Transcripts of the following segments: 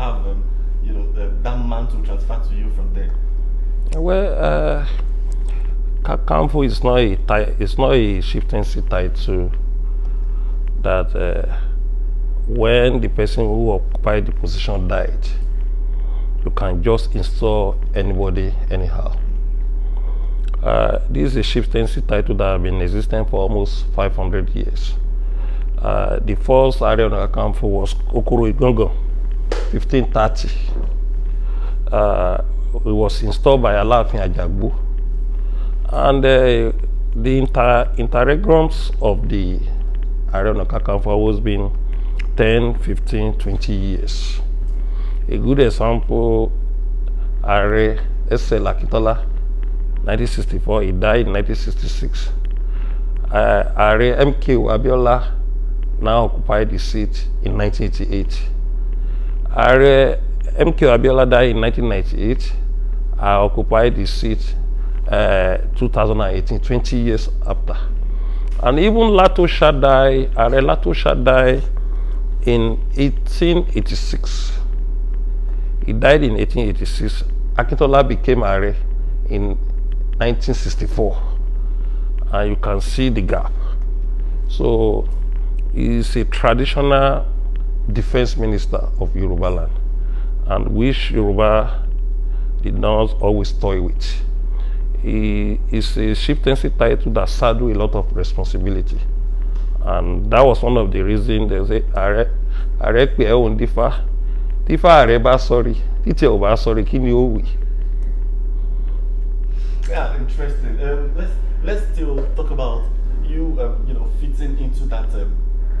have, um, you know, the, that man to transfer to you from there? Well, uh, is not a it's not a chieftaincy title that uh, when the person who occupied the position died, you can just install anybody anyhow. Uh, this is a chieftaincy title that has been existing for almost 500 years. Uh, the first area on Akamfu was Okoro Igongo. 1530, uh, it was installed by Alaafin Ajagbo. And uh, the inter interregnums of the Ààrẹ Ọ̀nà Kakanfò was been 10, 15, 20 years. A good example, are S.L. Akintola, 1964, he died in 1966. Uh, Ààrẹ M.K. Wabiola now occupied the seat in 1988. Ààrẹ MK Abiola died in 1998. I occupied the seat uh, 2018, 20 years after. And even Lato Shadai, Ààrẹ Lato Shadai in 1886. He died in 1886. Akintola became Ààrẹ in 1964. And you can see the gap. So it's a traditional defense minister of land, and which Yoruba did not always toy with. He is a chieftaincy title that saddled a lot of responsibility. And that was one of the reasons they say, "I I pè ẹ́ òun dífá, tífá sorry, bá sọ̀rí, títí ò bá sọ̀rí, Yeah, interesting. Um, let's, let's still talk about you, um, you know, fitting into that um,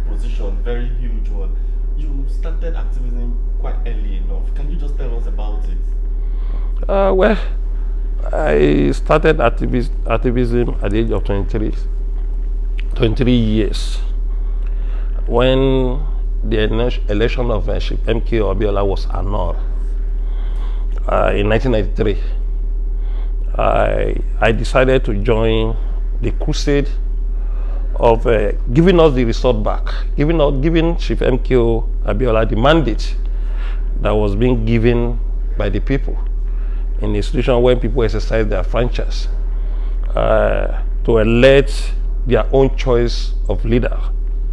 position, very huge one you started activism quite early enough. Can you just tell us about it? Uh, well, I started activis activism at the age of 23, 23 years. When the election of Chief uh, MK Obiola was annulled uh, in 1993, I, I decided to join the crusade of uh, giving us the resort back, giving, out, giving Chief MKO Abiola the mandate that was being given by the people in the institution when people exercise their franchise uh, to elect their own choice of leader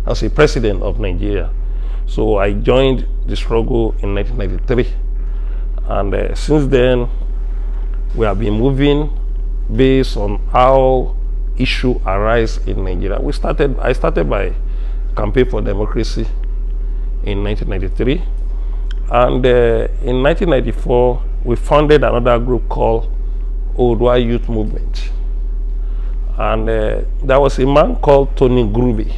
as a president of Nigeria. So I joined the struggle in 1993. And uh, since then, we have been moving based on how issue arise in Nigeria. We started, I started by campaign for democracy in 1993. And uh, in 1994, we founded another group called Odwa Youth Movement. And uh, there was a man called Tony Grube.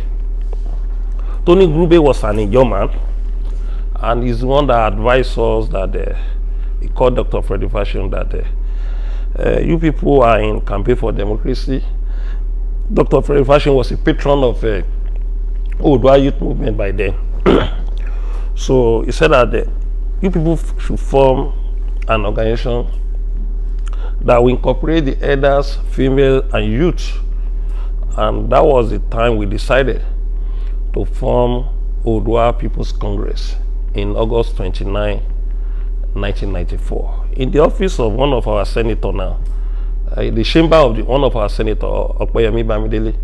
Tony Grube was an man, and he's the one that advised us that uh, he called Dr. Freddy Fashion that uh, uh you people are in campaign for democracy Dr. Fred Fashion was a patron of uh, Odua youth movement by then. so he said that uh, you people should form an organization that will incorporate the elders, females, and youth. And that was the time we decided to form Odua People's Congress in August 29, 1994, in the office of one of our senators. now, uh, the chamber of the, one of our senator, Okoyemi Bamidele,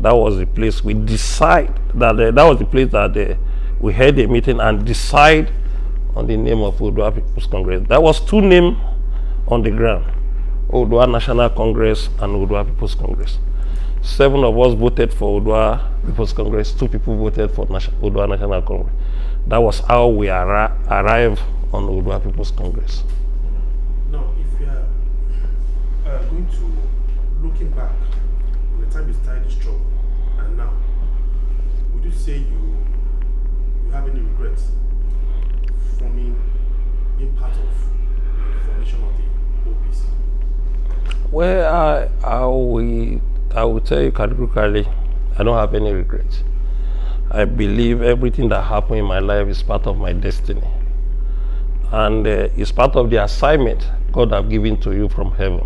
that was the place we decide that uh, that was the place that uh, we had a meeting and decide on the name of Odua People's Congress. That was two names on the ground, Odua National Congress and Odua People's Congress. Seven of us voted for Odua People's Congress, two people voted for Nation Odua National Congress. That was how we arri arrived on Odua People's Congress uh, going to, looking back, the time you started this job and now, would you say you, you have any regrets me being part of the formation of the OPC? Well, I, I, will, I will tell you categorically, I don't have any regrets. I believe everything that happened in my life is part of my destiny. And uh, it's part of the assignment God have given to you from heaven.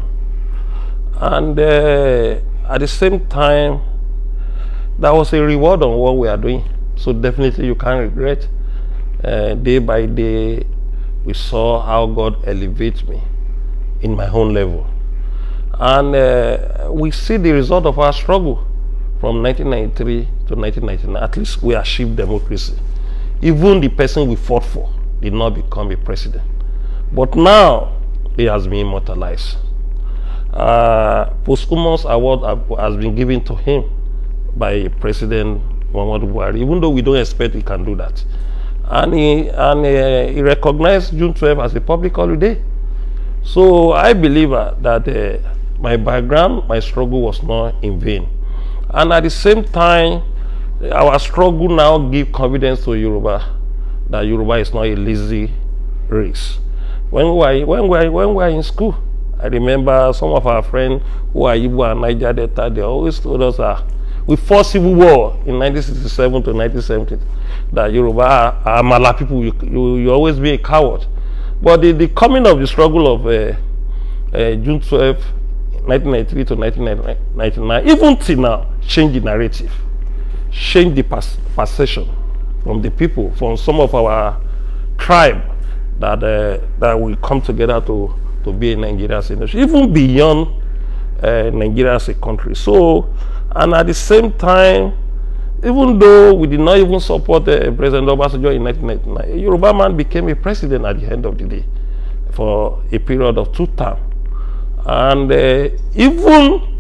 And uh, at the same time, that was a reward on what we are doing. So definitely you can't regret. Uh, day by day, we saw how God elevates me in my own level. And uh, we see the result of our struggle from 1993 to 1999. At least we achieved democracy. Even the person we fought for did not become a president. But now, he has been immortalized uh, posthumous award has been given to him by President Muhammadu Buhari, even though we don't expect he can do that. And he, and, uh, he recognized June 12 as a public holiday. So I believe uh, that uh, my background, my struggle was not in vain. And at the same time, our struggle now give confidence to Yoruba that Yoruba is not a lazy race. When we were, when we were, when we were in school, I remember some of our friends who are Igbo and Niger Delta, they always told us that we fought civil war in 1967 to 1970, that Yoruba are, Mala people, you, you, you, always be a coward. But the, the coming of the struggle of uh, uh, June 12, 1993 to 1999, even till now, change the narrative, change the perception from the people, from some of our tribe that, uh, that we come together to to be a Nigerian citizen, even beyond uh, Nigeria as a country. So, and at the same time, even though we did not even support uh, President Obasanjo in 1999, Yoruba man became a president at the end of the day for a period of two terms. And uh, even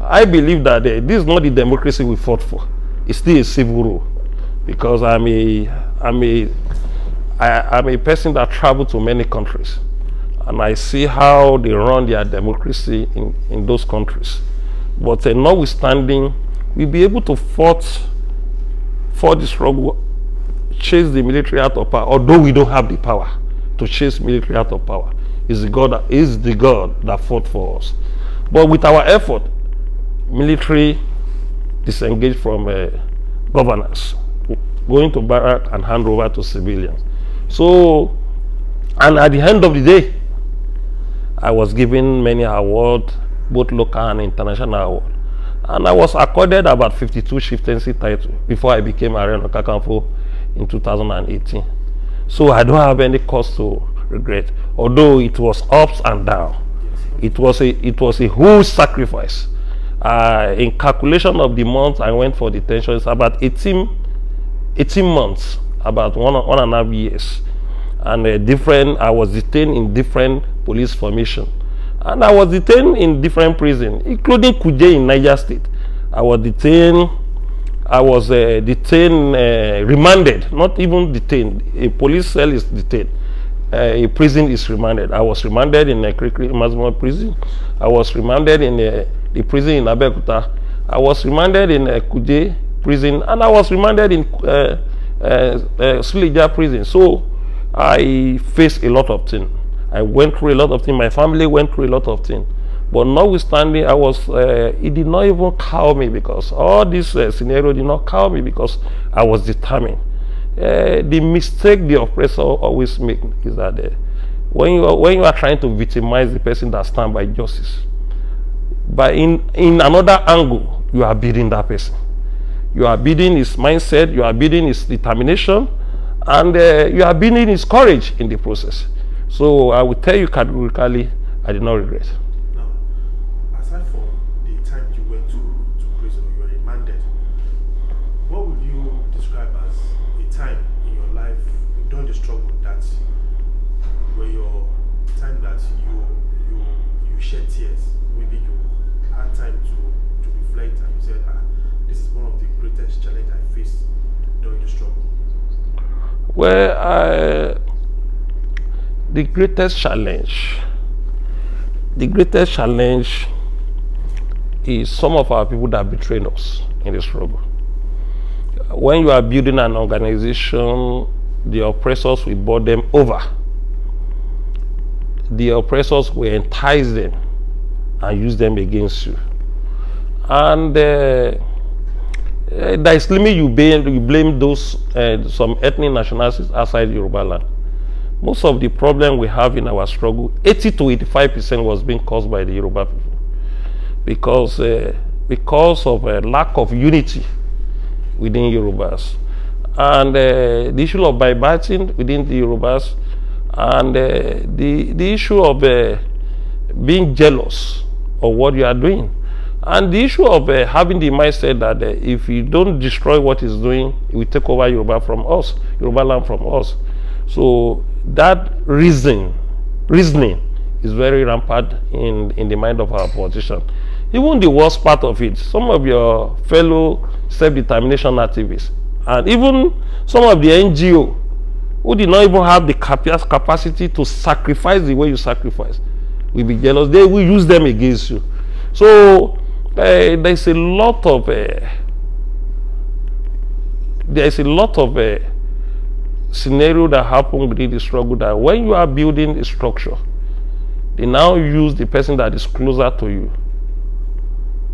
I believe that uh, this is not the democracy we fought for. It's still a civil rule because I'm a, I'm a, I, am a person that traveled to many countries and I see how they run their democracy in, in those countries. But uh, notwithstanding, we'll be able to fight for the struggle, chase the military out of power, although we don't have the power to chase military out of power. Is the God that, is the God that fought for us. But with our effort, military disengaged from uh, governance, going to barrack and hand over to civilians. So, and at the end of the day, I was given many awards, both local and international awards. And I was accorded about 52 chieftaincy titles before I became a Kakamfo in 2018. So I don't have any cause to regret, although it was ups and downs. It was a, it was a huge sacrifice. Uh, in calculation of the months I went for detention, it's about 18, 18 months, about one, one and a half years. And uh, different, I was detained in different police formation. And I was detained in different prisons, including Kuje in Niger State. I was detained, I was uh, detained, uh, remanded, not even detained. A police cell is detained. Uh, a prison is remanded. I was remanded in a uh, Krikri prison. I was remanded in the, uh, the prison in Abeokuta. I was remanded in a uh, Kuje prison, and I was remanded in uh, uh, uh, prison. So I faced a lot of things. I went through a lot of things. My family went through a lot of things. But notwithstanding, I was, uh, it did not even cow me because all this uh, scenario did not cow me because I was determined. Uh, the mistake the oppressor always make is that uh, when, you are, when you are trying to victimize the person that stand by justice, but in, in another angle, you are beating that person. You are beating his mindset, you are beating his determination, and uh, you are beating his courage in the process. So I will tell you categorically, I did not regret. Now, aside from the time you went to, to prison or you were remanded, what would you describe as a time in your life during the struggle that where your time that you you you shed tears, maybe you had time to, to reflect and you said, ah, this is one of the greatest challenge I faced during the struggle? Well, I the greatest challenge the greatest challenge is some of our people that betrayed us in this struggle when you are building an organization the oppressors will board them over the oppressors will entice them and use them against you and uh, uh, there is limit you blame, you blame those uh, some ethnic nationalities outside Yoruba land most of the problem we have in our struggle, 80 to 85% was being caused by the Yoruba people. Because, uh, because of a uh, lack of unity within Yorubas. And uh, the issue of bybiting within the Yorubas, and uh, the, the issue of uh, being jealous of what you are doing. And the issue of uh, having the mindset that if you don't destroy what is doing, it will take over Yoruba from us, Yoruba land from us. So that reason, reasoning is very rampant in, in the mind of our politician. Even the worst part of it, some of your fellow self-determination activists, and even some of the NGO who did not even have the capacity to sacrifice the way you sacrifice, will be jealous. They will use them against you. So uh, there's a lot of uh, there's a lot of uh, scenario that happened within the struggle that when you are building a structure, they now use the person that is closer to you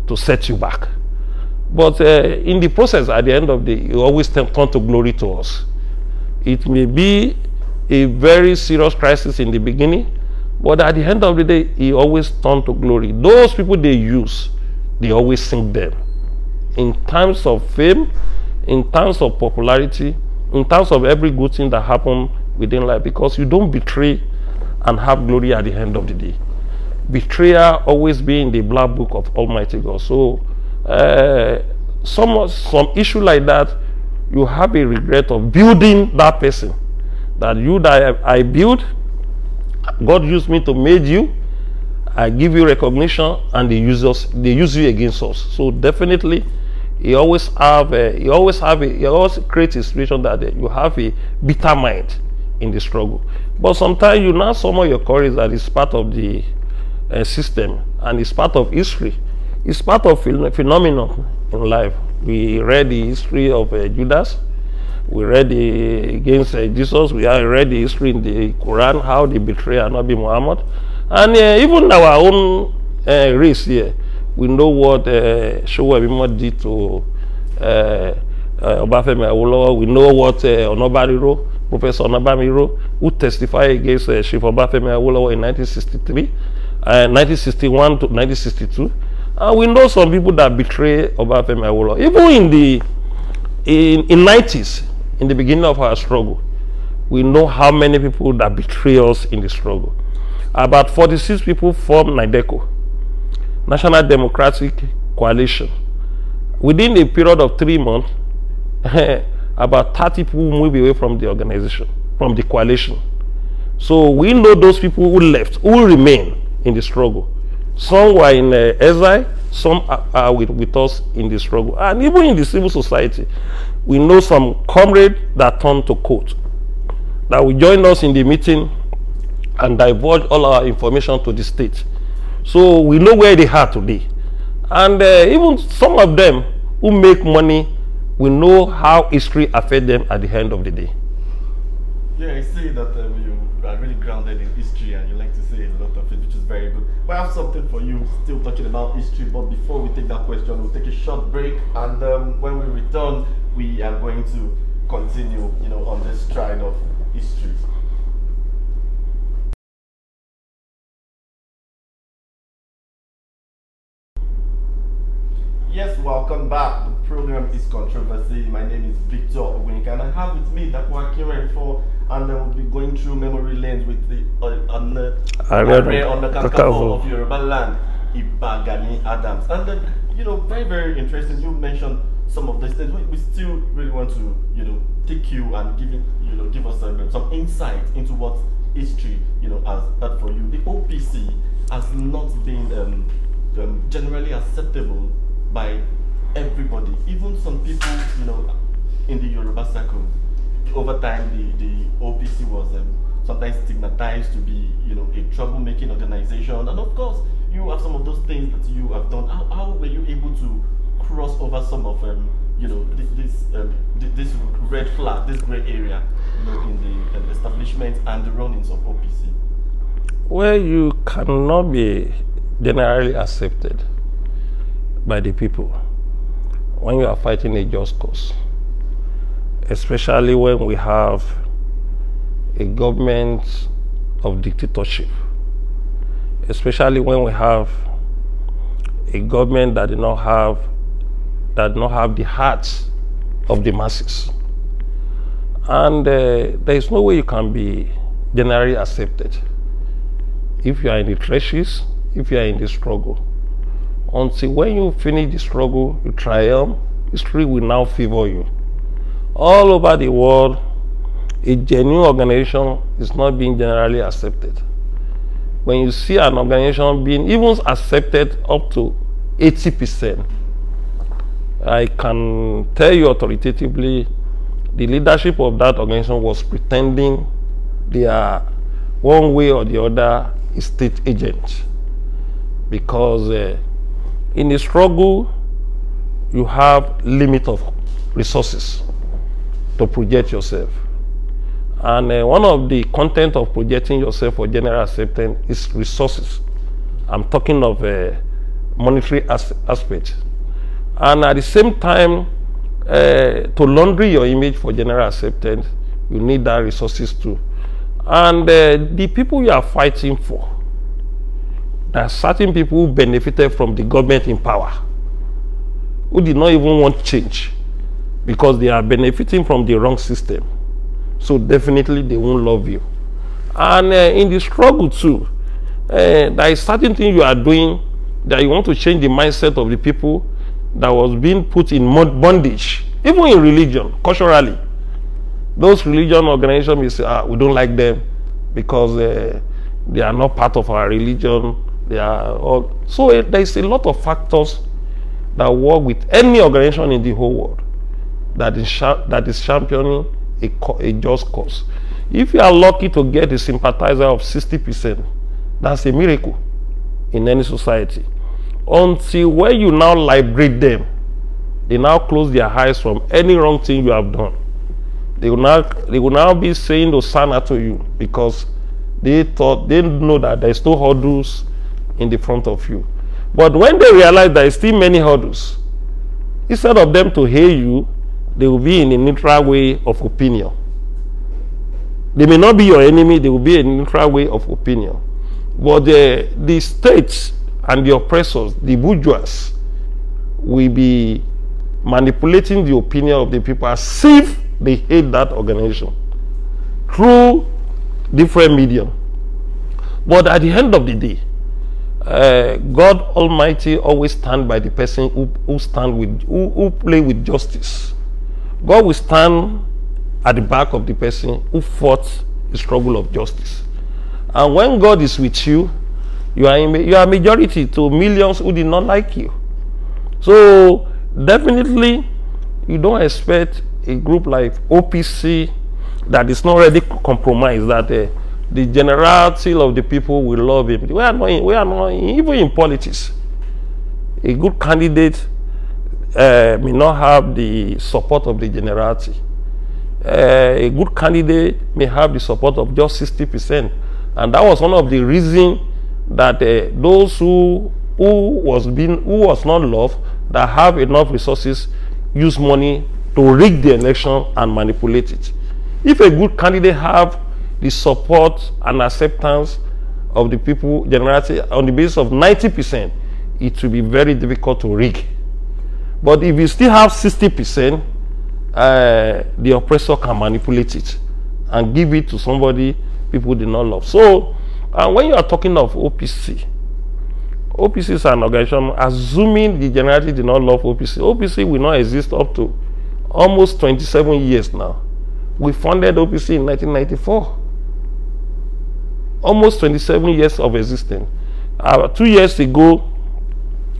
to set you back. But uh, in the process, at the end of the day, you always turn to glory to us. It may be a very serious crisis in the beginning, but at the end of the day, he always turn to glory. Those people they use, they always sink them. In times of fame, in times of popularity, in terms of every good thing that happened within life because you don't betray and have glory at the end of the day. Betrayal always be in the black book of Almighty God. So uh, some some issue like that, you have a regret of building that person. That you that I, I build, God used me to make you. I give you recognition and they use us, they use you against us. So definitely you always have a, you always have a, you always create a situation that you have a bitter mind in the struggle. But sometimes you now summon your courage that is part of the uh, system and it's part of history. It's part of ph phenomenon in life. We read the history of uh, Judas. We read the, against uh, Jesus. We read the history in the Quran how they betray Anabi Muhammad, and uh, even our own uh, race here we know what uh, Sowemimo did to Obafemi uh, uh Awolowo. we know what uh, Onabariro, Professor Onabamiro, who testified against uh, Chief Obafemi Awolowo in 1963, uh, 1961 to 1962. And we know some people that betray Obafemi Awolowo. Even in the in, in 90s, in the beginning of our struggle, we know how many people that betray us in the struggle. About 46 people formed NIDECO. National Democratic Coalition. Within a period of three months, about 30 people moved away from the organization, from the coalition. So we know those people who left, who remain in the struggle. Some were in uh, exile, some are, are with, with us in the struggle. And even in the civil society, we know some comrades that turned to court, that will join us in the meeting and divulge all our information to the state. So we know where they are today. And uh, even some of them who make money, we know how history affect them at the end of the day. Yeah, I see that um, you are really grounded in history and you like to say a lot of it, which is very good. But I have something for you, still talking about history. But before we take that question, we'll take a short break. And um, when we return, we are going to continue, you know, on this stride of history. welcome back. The program is Controversy. My name is Victor Ogwenika, and I have with me that we're for, and then we'll be going through memory lanes with the uh, on the on the Kakavo of Yoruba land, Ibagani Adams. And then, you know, very, very interesting. You mentioned some of these things. We, we still really want to, you know, take you and give it, you know, give us some, um, some insight into what history, you know, has had for you. The OPC has not been um, um, generally acceptable by everybody, even some people, you know, in the Yoruba circle. Over time, the, the OPC was um, sometimes stigmatized to be, you know, a troublemaking organization. And of course, you have some of those things that you have done. How, how were you able to cross over some of, um, you know, this this, um, this red flag, this gray area, you know, in the establishment and the runnings of OPC? Well, you cannot be generally accepted by the people when you are fighting a just cause, especially when we have a government of dictatorship, especially when we have a government that did not have that did not have the hearts of the masses. And uh, there is no way you can be generally accepted if you are in the trenches, if you are in the struggle until when you finish the struggle, you triumph, history will now favor you. All over the world, a genuine organization is not being generally accepted. When you see an organization being even accepted up to 80%, I can tell you authoritatively the leadership of that organization was pretending they are one way or the other state agent because uh, in a struggle, you have limit of resources to project yourself. And uh, one of the content of projecting yourself for general acceptance is resources. I'm talking of uh, monetary as aspect. And at the same time, uh, to laundry your image for general acceptance, you need that resources too. And uh, the people you are fighting for, are certain people who benefited from the government in power, who did not even want change because they are benefiting from the wrong system. So definitely they won't love you. And uh, in the struggle too, uh, there is certain thing you are doing that you want to change the mindset of the people that was being put in bondage, even in religion, culturally. Those religion organizations, we say, ah, we don't like them because uh, they are not part of our religion they are all. So it, eh, there is a lot of factors that work with any organization in the whole world that is, that is championing a, a just cause. If you are lucky to get a sympathizer of 60%, that's a miracle in any society. Until when you now liberate them, they now close their eyes from any wrong thing you have done. They will now, they will now be saying Osana to you because they thought they know that there's no hurdles in the front of you. But when they realize there is still many hurdles, instead of them to hear you, they will be in a neutral way of opinion. They may not be your enemy, they will be in a neutral way of opinion. But the, the states and the oppressors, the bourgeois, will be manipulating the opinion of the people as if they hate that organization through different medium. But at the end of the day, uh, God Almighty always stand by the person who, who stand with who, who play with justice. God will stand at the back of the person who fought the struggle of justice. And when God is with you, you are in, you are majority to millions who did not like you. So definitely, you don't expect a group like OPC that is not ready to compromise that. Uh, the generality of the people will love him. We are not, in, we are not in, even in politics. A good candidate uh, may not have the support of the generality. Uh, a good candidate may have the support of just 60%. And that was one of the reasons that uh, those who, who, was being, who was not loved, that have enough resources, use money to rig the election and manipulate it. If a good candidate have the support and acceptance of the people generally on the basis of 90%, it will be very difficult to rig. But if you still have 60%, uh, eh, the oppressor can manipulate it and give it to somebody people do not love. So, uh, when you are talking of OPC, OPC is an organization, assuming the generality did not love OPC, OPC will not exist up to almost 27 years now. We founded OPC in 1994 almost 27 years of existence. Uh, two years ago,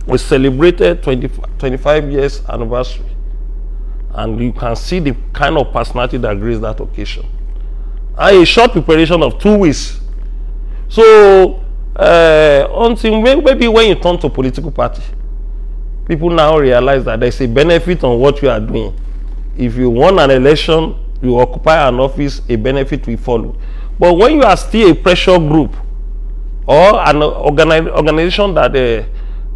we celebrated 20, 25 years anniversary. And you can see the kind of personality that graced that occasion. And a short preparation of two weeks. So, uh, until maybe when you turn to political party, people now realize that there's a benefit on what you are doing. If you won an election, you occupy an office, a benefit will follow. But when you are still a pressure group or an organi organization that a uh,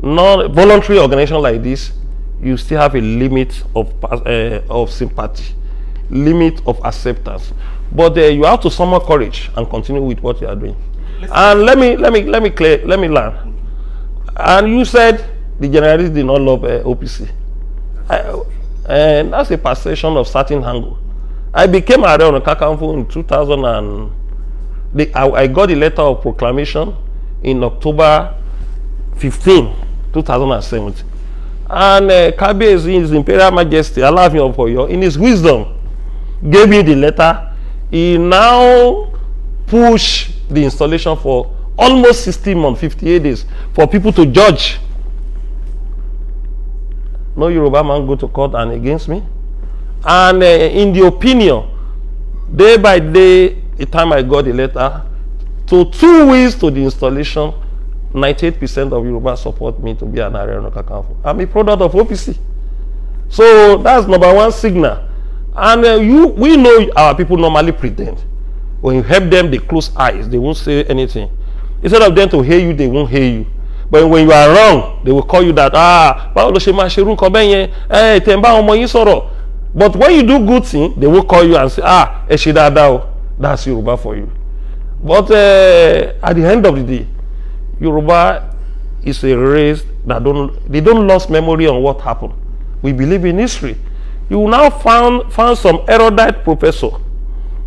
non voluntary organization like this, you still have a limit of uh, of sympathy, limit of acceptance. But uh, you have to summon courage and continue with what you are doing. Let's and let me let me let me clear let me learn. And you said the generalists did not love uh, OPC. I, and that's a perception of certain angle. I became Aare Ona Kakamfu in 2000 and They, I, I got the letter of proclamation in October 15, 2017. And uh, Kabiyesi, in his imperial majesty, Alaafin for you in his wisdom, gave me the letter. He now push the installation for almost 16 months, 58 days, for people to judge. No Yoruba man go to court and against me. And uh, in the opinion, day by day, the time I got the letter, to two weeks to the installation, 98% of Yoruba support me to be an Ààrẹ noka council. I'm a product of OPC. So that's number one signal. And uh, you, we know our people normally pretend. When you help them, they close eyes. They won't say anything. Instead of them to hear you, they won't hear you. But when you are wrong, they will call you that, ah, báwo ló ṣe máa ṣerú nǹkan bẹ́ẹ̀ eh, But when you do good thing, they will call you and say, ah, ẹ ṣe That's Yoruba for you. But uh, at the end of the day, Yoruba is a race that don't they don't lose memory on what happened. We believe in history. You will now find find some erudite professor.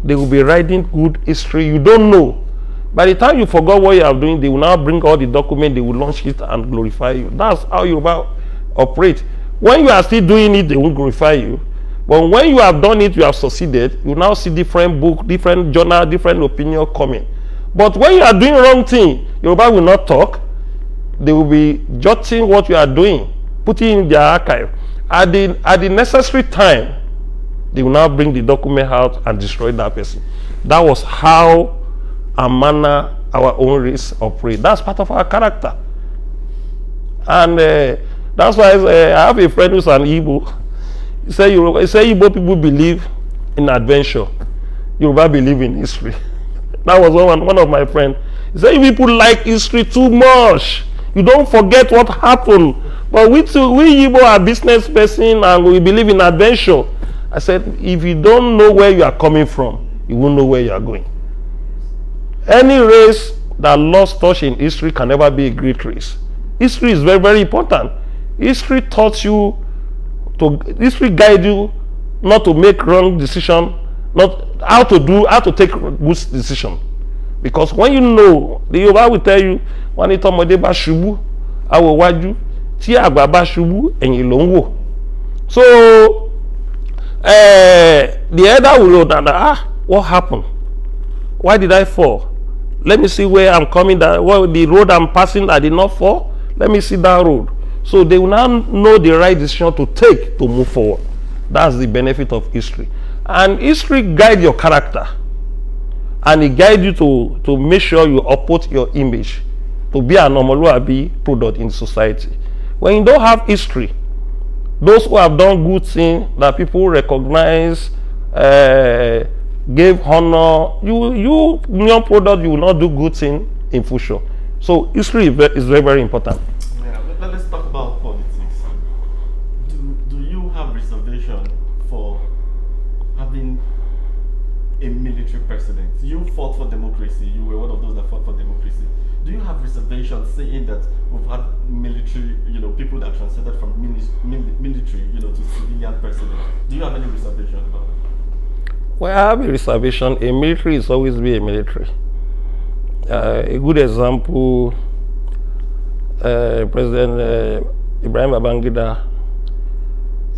They will be writing good history. You don't know. By the time you forgot what you are doing, they will now bring all the document. They will launch it and glorify you. That's how Yoruba operate. When you are still doing it, they will glorify you. But when you have done it, you have succeeded. You now see different book, different journal, different opinion coming. But when you are doing wrong thing, Yoruba will not talk. They will be jotting what you are doing, putting in their archive. At the, at the necessary time, they will now bring the document out and destroy that person. That was how our manner our own race operate. That's part of our character. And uh, that's why uh, I have a friend who's an Igbo. You say, Yoruba, you say Igbo people believe in adventure. Yoruba believe in history. that was one, one of my friend. He said, people like history too much. You don't forget what happened. But we too, we Igbo are business person and we believe in adventure. I said, if you don't know where you are coming from, you won't know where you are going. Any race that lost touch in history can never be a great race. History is very, very important. History taught you to will guide you not to make wrong decision not how to do how to take good decision because when you know the Yorùbá will tell you wọ́n ní tọmọdé bá ṣubú àwọ̀ wájú tí àgbà bá ṣubú ẹ̀yìn ló ń wò so uh, the elder will know that ah what happened why did I fall let me see where I'm coming down well the road I'm passing I did not fall let me see that road So they will now know the right decision to take to move forward. That's the benefit of history. And history guide your character. And it guide you to, to make sure you uphold your image. To be an Omoluabi product in society. When you don't have history, those who have done good things that people recognize, uh, gave honor, you, you, your product, you will not do good thing in future. So history is very, is very, very important let, us talk about politics. Do, do you have reservation for having a military president? You fought for democracy. You were one of those that fought for democracy. Do you have reservation saying that we've had military, you know, people that transcended from mini, military, you know, to civilian president? Do you have any reservation about Well, I have a reservation. A military is always be a military. Uh, a good example uh, president uh, Ibrahim Babangida,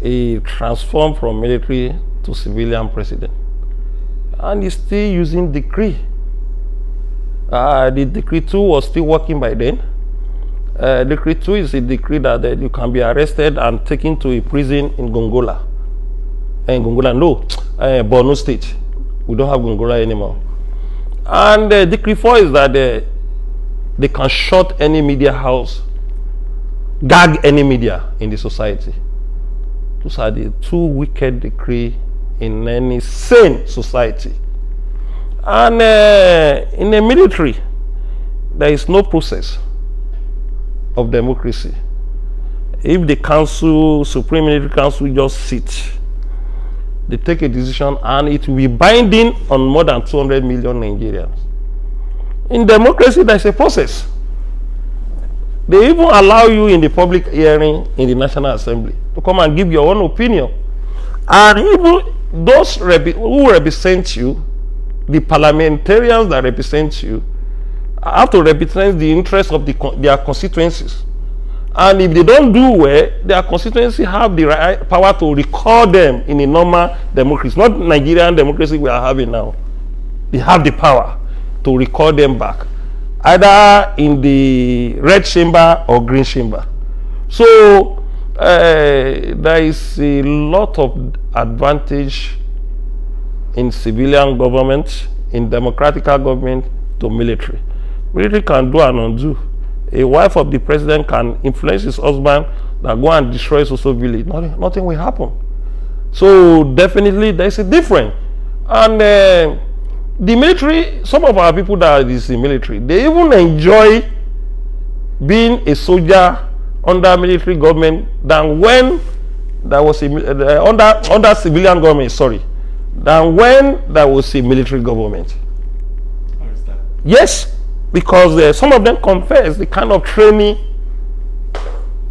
he transformed from military to civilian president. And he's still using decree. Uh, the decree 2 was still working by then. Uh, decree 2 is a decree that, that, you can be arrested and taken to a prison in Gongola. Uh, in Gongola, no, uh, Borno State. We don't have Gongola anymore. And uh, decree 4 is that uh, they can shut any media house, gag any media in the society. Those are the two wicked decree in any sane society. And uh, in the military, there is no process of democracy. If the council, Supreme Military Council, just sit, they take a decision and it will be binding on more than 200 million Nigerians. In democracy, there's a process. They even allow you in the public hearing in the National Assembly to come and give your own opinion. And even those who represent you, the parliamentarians that represent you, have to represent the interests of the, their constituencies. And if they don't do well, their constituency have the right, power to recall them in a normal democracy. Not Nigerian democracy we are having now. They have the power to record them back either in the red chamber or green chamber so uh, there is a lot of advantage in civilian government in democratical government to military military can do and undo a wife of the president can influence his husband that go and destroy social village nothing, nothing will happen so definitely there is a difference and uh, the military, some of our people that is in military, they even enjoy being a soldier under military government than when there was a, uh, under under civilian government. Sorry, than when there was a military government. Yes, because uh, some of them confess the kind of training,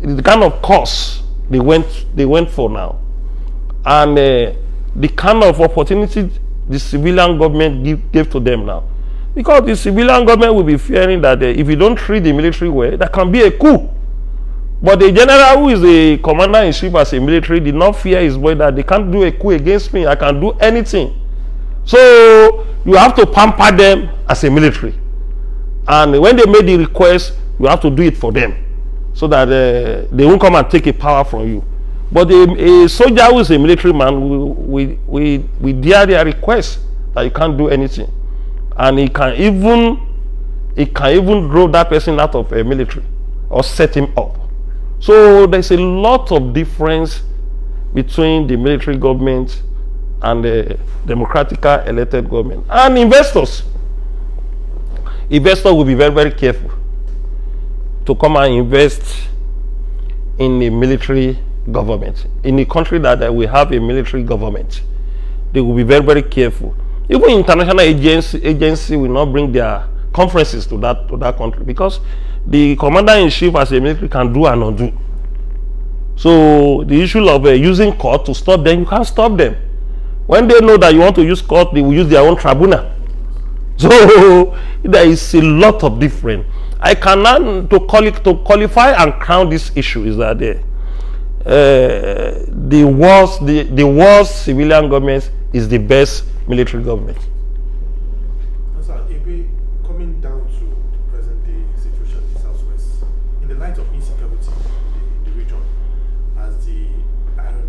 the kind of course they went they went for now, and uh, the kind of opportunities the civilian government give, gave to them now. Because the civilian government will be fearing that uh, if you don't treat the military well, that can be a coup. But the general who is a commander-in-chief as a military did not fear his boy that they can't do a coup against me. I can do anything. So you have to pamper them as a military. And when they made the request, you have to do it for them. So that uh, they won't come and take a power from you. But a, a soldier who is a military man, we, we, we dare their request that you can't do anything. And he can even, he can even draw that person out of a military or set him up. So there's a lot of difference between the military government and the democratical elected government. And investors. Investors will be very, very careful to come and invest in the military government. In a country that uh, we have a military government, they will be very, very careful. Even international agency, agency will not bring their conferences to that, to that country because the commander-in-chief as a military can do and undo. So the issue of uh, using court to stop them, you can't stop them. When they know that you want to use court, they will use their own tribunal. So there is a lot of difference. I cannot to, quali to qualify and crown this issue is that there. Uh, uh, the worst the, the worst civilian government is the best military government. sir, coming down to the present situation in the southwest, in the light of insecurity in the, region, as the Iron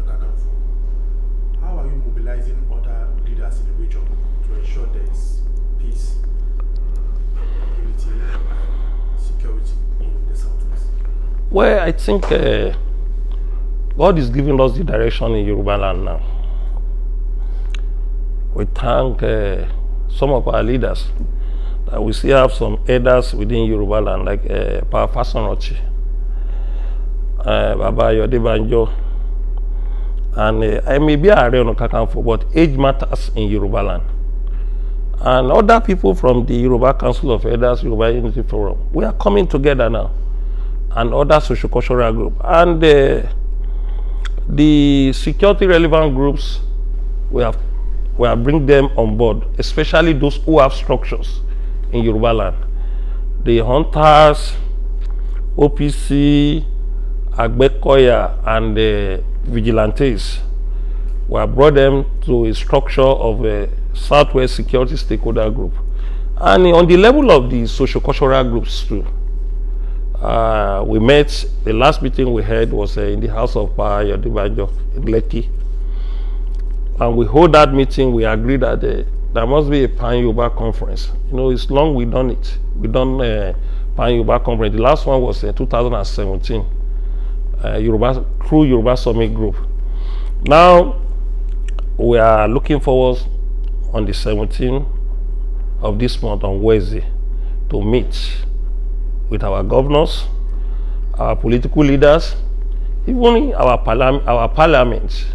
how are you mobilizing other leaders in the region to ensure there is peace, and security in the southwest? Well, I think. Uh, God is giving us the direction in Yoruba land now. We thank uh, some of our leaders that we still have some elders within Yoruba land, like uh, Pa Fasanochi, uh, Baba Yode Banjo, and uh, I may be a Ọ̀nà but age matters in Yoruba land. And other people from the Yoruba Council of Elders, Yoruba Unity Forum, we are coming together now, and other social cultural group. And uh, the security relevant groups, we have, we have bring them on board, especially those who have structures in Yoruba land. The hunters, OPC, Agbekoya, and the vigilantes. We have brought them to a structure of a Southwest Security Stakeholder Group. And on the level of the social cultural groups too, uh, we met, the last meeting we had was uh, in the house of uh, Yodibanjo in Lekki. And we hold that meeting, we agreed that uh, there must be a Pan Yuba conference. You know, it's long we done it. We done uh, Pan Yuba conference. The last one was in uh, 2017, uh, Yoruba, Crew Yoruba Summit Group. Now, we are looking forward on the 17th of this month on Wednesday to meet with our governors, our political leaders, even our, parliament, our parliament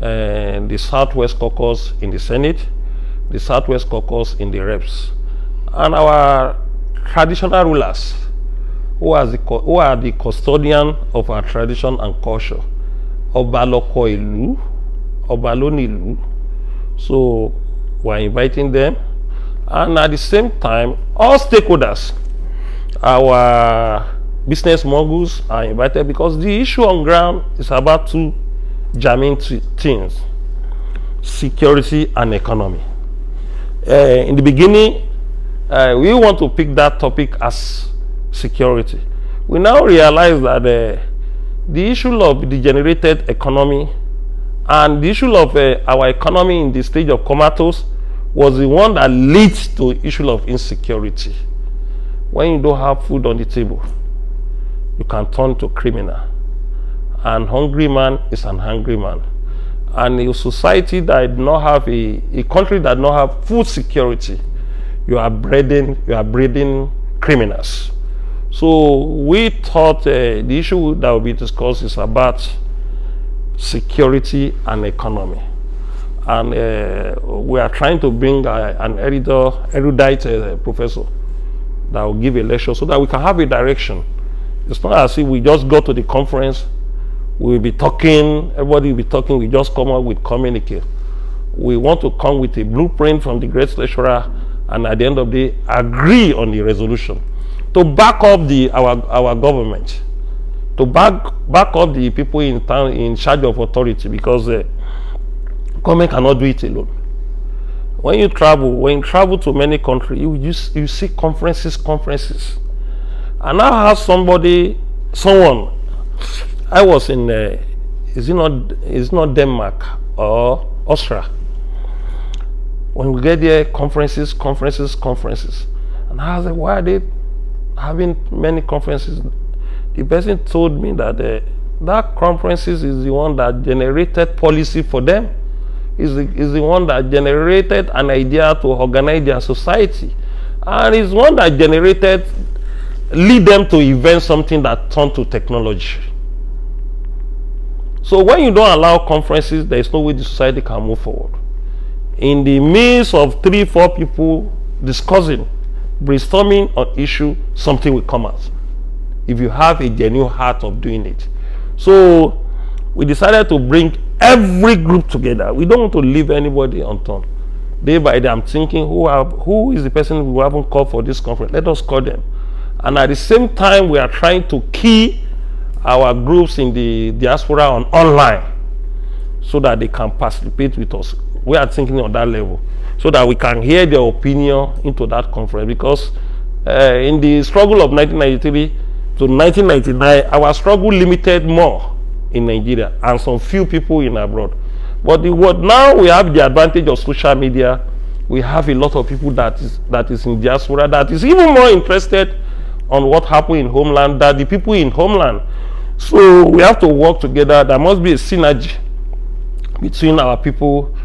uh, the Southwest Caucus in the Senate, the Southwest Caucus in the Reps, and our traditional rulers who are the, who are the custodian of our tradition and culture. Ọba lọkọ ìlú, ọba ìlú. So we are inviting them and at the same time all stakeholders our business moguls are invited because the issue on ground is about two germane things security and economy uh, in the beginning uh, we want to pick that topic as security we now realize that uh, the issue of degenerated economy and the issue of our economy in the stage of comatose was the one that leads to issue of insecurity when you don't have food on the table, you can turn to criminal. An hungry man is an hungry man. And a society that not have a, a country that not have food security, you are breeding, you are breeding criminals. So we thought uh, the issue that will be discussed is about security and economy. And uh, we are trying to bring uh, an editor, erudite uh, professor that will give a lecture so that we can have a direction. It's not as if we just go to the conference, we'll be talking, everybody will be talking, we just come up with communicate. We want to come with a blueprint from the great lecturer and at the end of the day agree on the resolution to back up the our our government to back back up the people in town in charge of authority because the uh, government cannot do it alone when you travel, when you travel to many countries, you, you, you see conferences, conferences. And I have somebody, someone, I was in, uh, is it not, is not Denmark or Austria? When we get there, conferences, conferences, conferences. And I was like, why are they having many conferences? The person told me that uh, that conferences is the one that generated policy for them is the, is the one that generated an idea to organize their society. And is one that generated, lead them to invent something that turned to technology. So when you don't allow conferences, there is no way the society can move forward. In the midst of three, four people discussing, brainstorming on issue, something will come out. If you have a genuine heart of doing it. So we decided to bring every group together. We don't want to leave anybody unturned. Day by day, I'm thinking, who, who is the person who haven't called for this conference? Let us call them. And at the same time, we are trying to key our groups in the diaspora on online so that they can participate with us. We are thinking on that level so that we can hear their opinion into that conference because uh, in the struggle of 1993 to 1999, our struggle limited more in Nigeria and some few people in abroad. But the world now we have the advantage of social media. We have a lot of people that is that is in diaspora that is even more interested on what happened in homeland than the people in homeland. So we have to work together. There must be a synergy between our people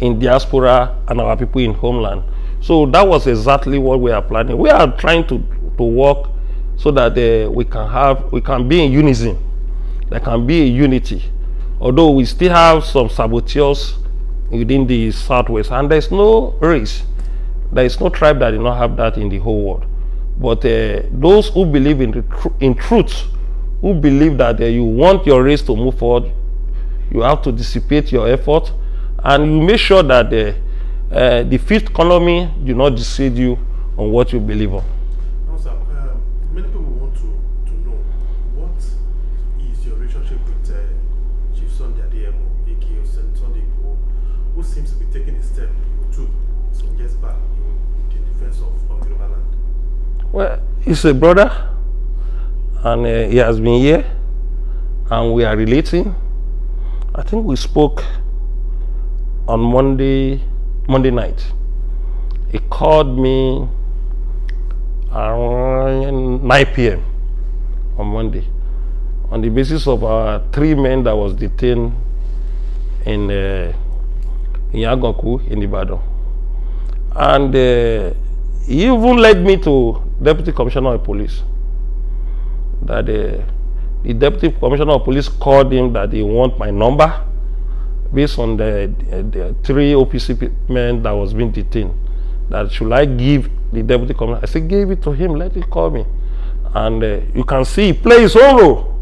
in diaspora and our people in homeland. So that was exactly what we are planning. We are trying to, to work so that uh, we can have we can be in unison there can be a unity although we still have some saboteurs within the southwest and there's no race there is no tribe that did not have that in the whole world but uh, those who believe in in truth who believe that uh, you want your race to move forward you have to dissipate your effort and you make sure that the, uh, uh, the fifth economy do not deceive you on what you believe on who seems to be taking a step to some years back in the defense of, of Yoruba land? Well, he's a brother, and uh, he has been here, and we are relating. I think we spoke on Monday, Monday night. He called me around 9 p.m. on Monday on the basis of our three men that was detained in uh, in Agonku in Ibadan. And uh, he even led me to Deputy Commissioner of Police. That uh, the Deputy Commissioner of Police called him that he want my number based on the, the three OPC men that was being detained. That should I give the Deputy Commissioner? I said, give it to him, let him call me. And uh, you can see he plays role.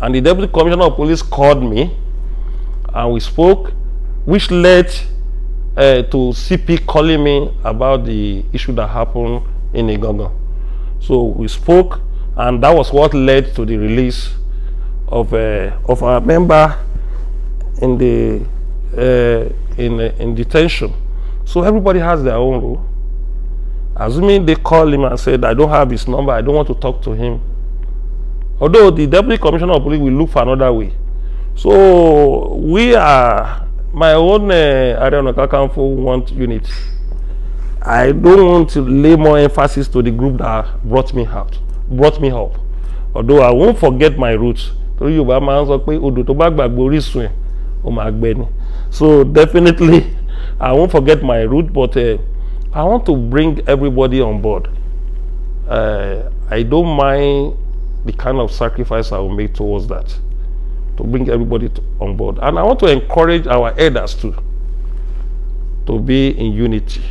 And the Deputy Commissioner of Police called me and we spoke which led uh, to CP calling me about the issue that happened in Iganga. So we spoke, and that was what led to the release of uh, of our member in the uh, in uh, in detention. So everybody has their own rule. Assuming they call him and said, "I don't have his number. I don't want to talk to him." Although the deputy commissioner of police will look for another way. So we are my own uh, Ààrẹ Ọ̀nà want unity. I don't want to lay more emphasis to the group that brought me out, brought me up. Although I won't forget my roots. So definitely I won't forget my roots. but uh, I want to bring everybody on board. Uh, I don't mind the kind of sacrifice I will make towards that. to bring everybody to, on board. And I want to encourage our elders to, to be in unity.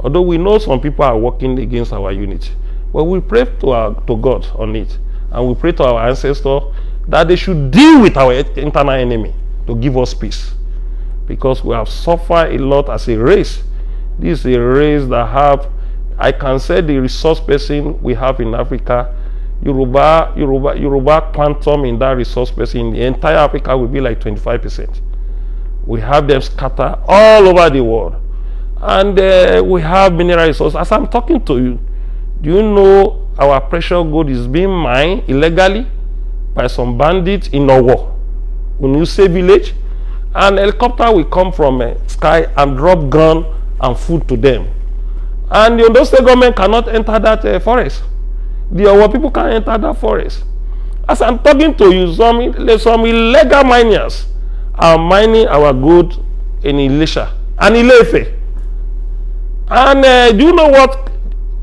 Although we know some people are working against our unity, but we pray to, our, to God on it. And we pray to our ancestors that they should deal with our internal enemy to give us peace. Because we have suffered a lot as a race. This is a race that have, I can say the resource person we have in Africa Yoruba, Yoruba, Yoruba quantum in that resource space in the entire Africa will be like 25%. We have them scattered all over the world. And uh, we have mineral resources. As I'm talking to you, do you know our precious gold is being mined illegally by some bandits in Owo, Unuse village? An helicopter will come from uh, sky and drop gun and food to them. And the Ondo state government cannot enter that uh, forest. the our people can enter that forest. As I'm talking to you, some, some illegal miners are mining our gold in Ilisha and Ilefe. And uh, do you know what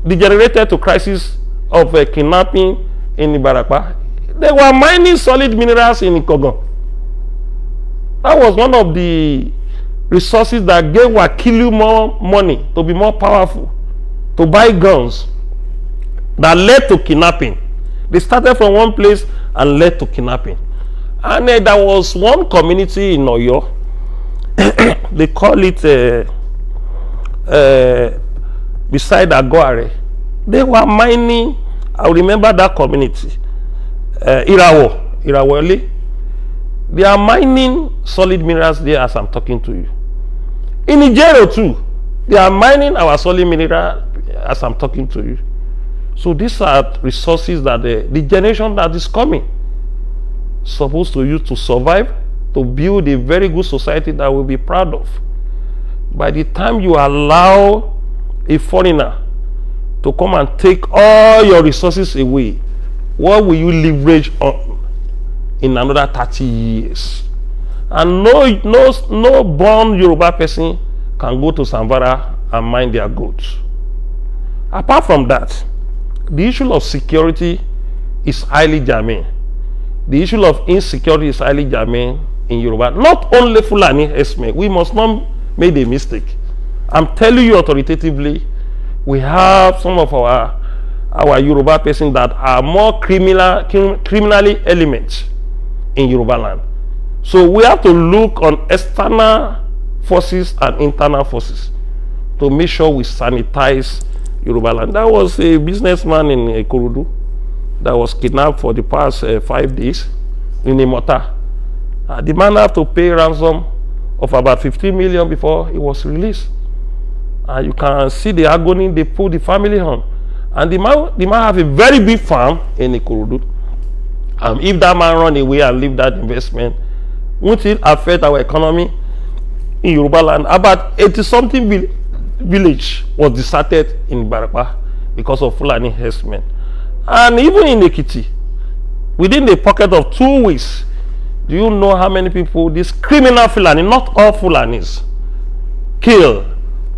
degenerated to crisis of uh, kidnapping in Ibarapa? They were mining solid minerals in Ikogon. That was one of the resources that gave Wakilu more money to be more powerful, to buy guns that led to kidnapping. They started from one place and led to kidnapping. And uh, there was one community in Oyo. they call it uh, uh, beside Agoare. They were mining. I remember that community. Uh, Irawo, Irawole. They are mining solid minerals there as I'm talking to you. In Nigeria too, they are mining our solid mineral as I'm talking to you. So these are resources that the, the generation that is coming supposed to use to survive, to build a very good society that will be proud of. By the time you allow a foreigner to come and take all your resources away, what will you leverage on in another 30 years? And no, no, no born Yoruba person can go to Samvara and mine their gold. Apart from that, the issue of security is highly germane. The issue of insecurity is highly germane in Yoruba. Not only Fulani Esme. We must not make a mistake. I'm telling you authoritatively, we have some of our our Yoruba persons that are more criminal criminally element in Yoruba land. So we have to look on external forces and internal forces to make sure we sanitize Yoruba land. That was a businessman in Kurudu that was kidnapped for the past uh, five days in Imota. Uh, the man had to pay ransom of about 15 million before he was released. And you can see the agony they put the family on. And the man, the man have a very big farm in Ikurudu. Um, if that man run away and leave that investment, won't it affect our economy in Yoruba land? About 80 something billion village was deserted in Barapa because of Fulani herdsmen. And even in Ekiti, within the pocket of two weeks, do you know how many people this criminal Fulani, not all Fulanis, kill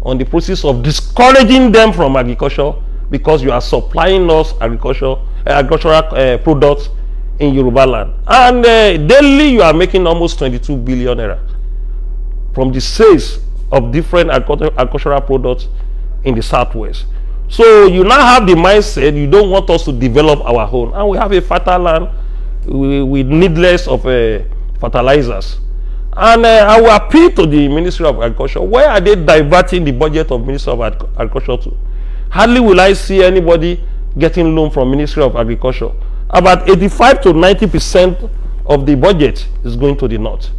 on the process of discouraging them from agriculture because you are supplying us agriculture, uh, agricultural uh, products in Yoruba land. And uh, daily you are making almost 22 billion naira from the sales of different agricultural products in the southwest. So you now have the mindset you don't want us to develop our own, and we have a fertile land with needless of uh, fertilizers. And uh, I will appeal to the Ministry of Agriculture. Where are they diverting the budget of Ministry of Agriculture to? Hardly will I see anybody getting loan from Ministry of Agriculture. About 85 to 90 percent of the budget is going to the north.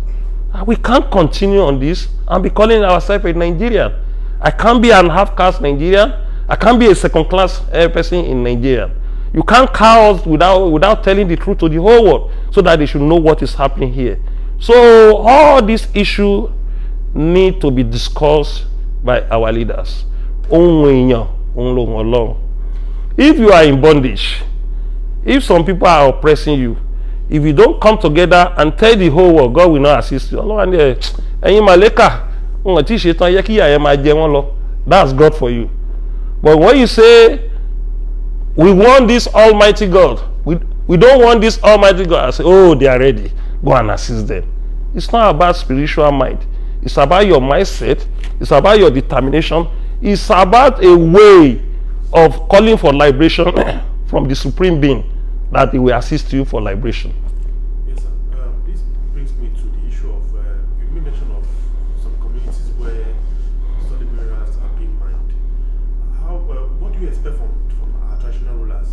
Uh, we can't continue on this and be calling ourselves a Nigerian. I can't be a half-caste Nigerian. I can't be a second-class eh, person in Nigeria. You can't call us without, without telling the truth to the whole world so that they should know what is happening here. So all these issues need to be discussed by our leaders. If you are in bondage, if some people are oppressing you, if you don't come together and tell the whole world God will not assist you ọlọ́wà ni ẹ ẹ̀yin màlẹ́kà wọn ti ṣe tán yẹ kí ìyàyẹ máa jẹ wọn lọ that's God for you but when you say we want this almighty God we, we don't want this almighty God I say oh they are ready go and assist them it's not about spiritual mind it's about your mindset it's about your determination it's about a way of calling for liberation from the supreme being that it will assist you for liberation. Yes, sir. Um, this brings me to the issue of uh, you made of some communities where study mirrors are being mined. How, uh, what do you expect from, our traditional rulers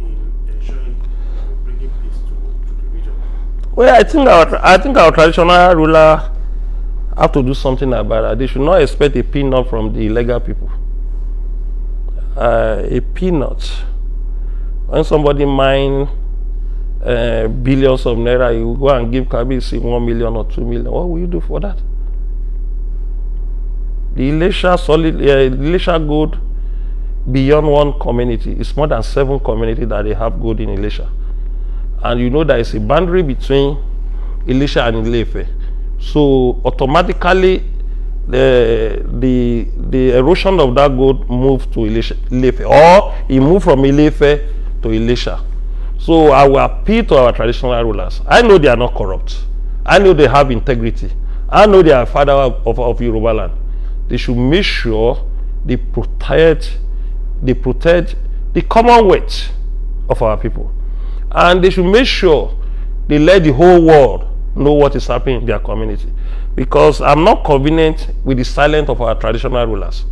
in ensuring uh, bringing peace to, the region? Well, I think our I think our traditional ruler have to do something about it. They should not expect a peanut from the illegal people. Uh, a peanut when somebody mine uh, billions of naira, you go and give Kabisi one million or two million. What will you do for that? The Elisha solid, uh, Elisha gold beyond one community. It's more than seven communities that they have gold in Elisha. And you know there is a boundary between Elisha and Ilefe. So automatically the the the erosion of that gold moved to Ilefe or it moved from Ilefe to Elisha. So I will appeal to our traditional rulers. I know they are not corrupt. I know they have integrity. I know they are father of, of, Yoruba land. They should make sure they protect, they protect the commonwealth of our people. And they should make sure they let the whole world know what is happening in their community. Because I'm not convenient with the silence of our traditional rulers.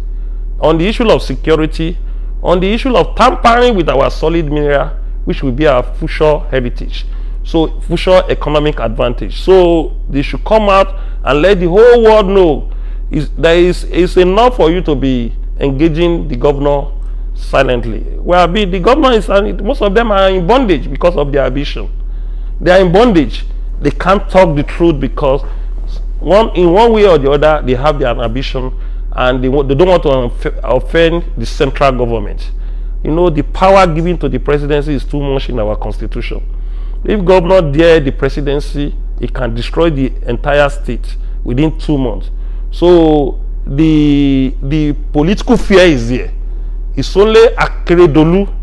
On the issue of security, on the issue of tampering with our solid mineral, which will be our future heritage. So future economic advantage. So they should come out and let the whole world know is there is it's enough for you to be engaging the governor silently. Well, be the governor is most of them are in bondage because of their ambition. They are in bondage. They can't talk the truth because one in one way or the other they have their ambition and they, they don't want to offend the central government. You know, the power given to the presidency is too much in our constitution. If governor dare the presidency, it can destroy the entire state within two months. So the the political fear is here. It's only Akeredolu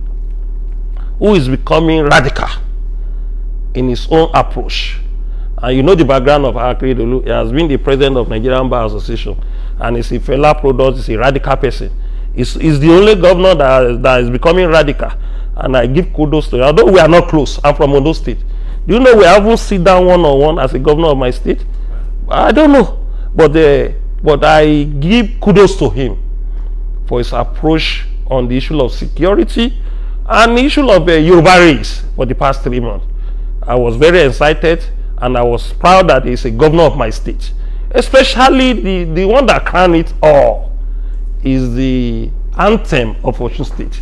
who is becoming radical in his own approach. And you know the background of Akeredolu. He has been the president of Nigerian Bar Association and is a fellow product, is a radical person. He's the only governor that that is becoming radical, and I give kudos to. Him. Although we are not close, I'm from Ondo State. Do you know we haven't sit down one on one as a governor of my state? I don't know, but the uh, but I give kudos to him for his approach on the issue of security and the issue of uh, Yoruba race for the past three months. I was very excited and I was proud that he's a governor of my state especially the, the one that crowned it all is the anthem of Osun State.